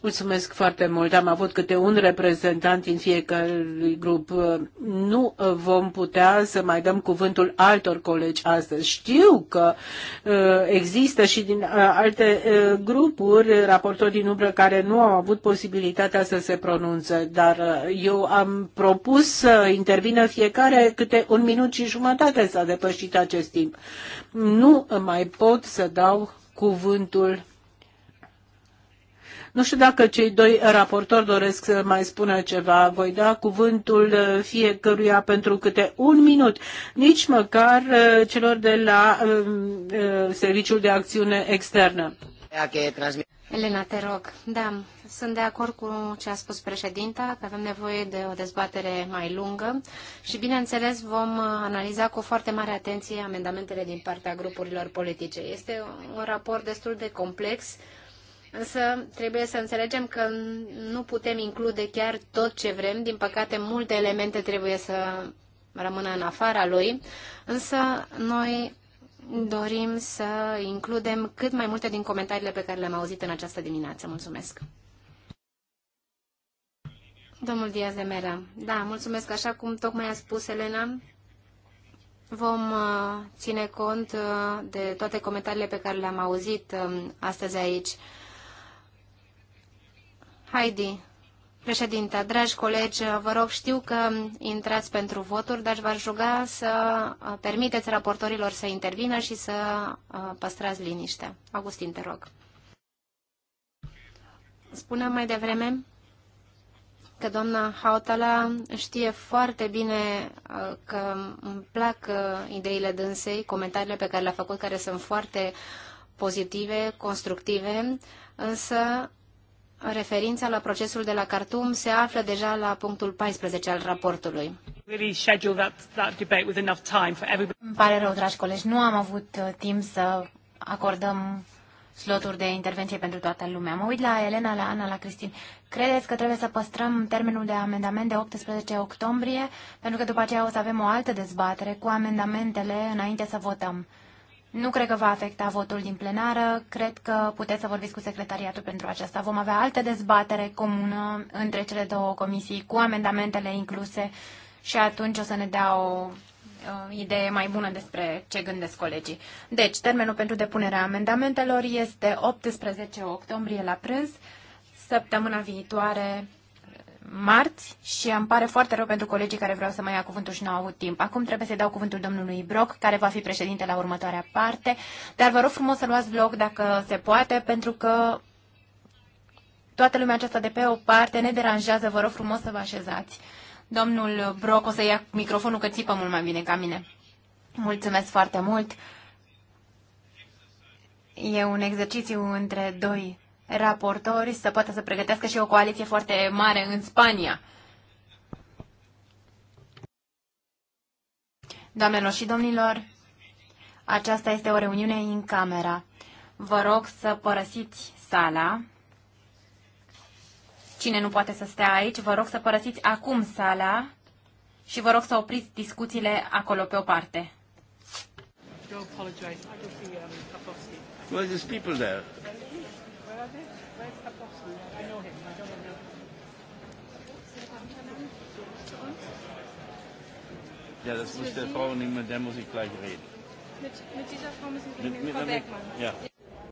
Mulțumesc foarte mult. Am avut câte un reprezentant din fiecare grup. Nu vom putea să mai dăm cuvântul altor colegi astăzi. Știu că uh, există și din uh, alte uh, grupuri raportori din umbră care nu au avut posibilitatea să se pronunțe, dar eu am propus să intervină fiecare câte un minut și jumătate s-a depășit acest timp. Nu mai pot să dau cuvântul nu știu dacă cei doi raportori doresc să mai spună ceva. Voi da cuvântul uh, fiecăruia pentru câte un minut, nici măcar uh, celor de la um, uh, Serviciul de Acțiune Externă. Elena, te rog. Da, sunt de acord cu ce a spus președinta, că avem nevoie de o dezbatere mai lungă și, bineînțeles, vom analiza cu foarte mare atenție amendamentele din partea grupurilor politice. Este un raport destul de complex Însă trebuie să înțelegem că nu putem include chiar tot ce vrem. Din păcate, multe elemente trebuie să rămână în afara lui. Însă noi dorim să includem cât mai multe din comentariile pe care le-am auzit în această dimineață. Mulțumesc! Domnul Diaz de Mera, da, mulțumesc. Așa cum tocmai a spus Elena, Vom uh, ține cont uh, de toate comentariile pe care le-am auzit um, astăzi aici. Heidi, președinte, dragi colegi, vă rog, știu că intrați pentru voturi, dar v-aș ruga să permiteți raportorilor să intervină și să uh, păstrați liniște. Augustin, te rog. Spuneam mai devreme că doamna Hautala știe foarte bine uh, că îmi plac uh, ideile dânsei, comentariile pe care le-a făcut, care sunt foarte pozitive, constructive, însă referința la procesul de la Khartoum se află deja la punctul 14 al raportului. Îmi pare rău, dragi colegi, nu am avut uh, timp să acordăm sloturi de intervenție pentru toată lumea. Mă uit la Elena, la Ana, la Cristin. Credeți că trebuie să păstrăm termenul de amendament de 18 octombrie? Pentru că după aceea o să avem o altă dezbatere cu amendamentele înainte să votăm. Nu cred că va afecta votul din plenară. Cred că puteți să vorbiți cu secretariatul pentru aceasta. Vom avea alte dezbatere comună între cele două comisii cu amendamentele incluse și atunci o să ne dea o idee mai bună despre ce gândesc colegii. Deci, termenul pentru depunerea amendamentelor este 18 octombrie la prânz. Săptămâna viitoare marți și îmi pare foarte rău pentru colegii care vreau să mai ia cuvântul și nu au avut timp. Acum trebuie să-i dau cuvântul domnului Broc, care va fi președinte la următoarea parte, dar vă rog frumos să luați vlog dacă se poate, pentru că toată lumea aceasta de pe o parte ne deranjează, vă rog frumos să vă așezați. Domnul Broc o să ia microfonul că țipă mult mai bine ca mine. Mulțumesc foarte mult. E un exercițiu între doi raportori să poată să pregătească și o coaliție foarte mare în Spania. Doamnelor și domnilor, aceasta este o reuniune în camera. Vă rog să părăsiți sala. Cine nu poate să stea aici, vă rog să părăsiți acum sala și vă rog să opriți discuțiile acolo pe o parte. Um, well, there's people there. Ja, das muss der Frau nehmen, mit der muss ich gleich reden. Mit, mit dieser Frau müssen Sie reden, mit, mit, Frau Bergmann. Ja.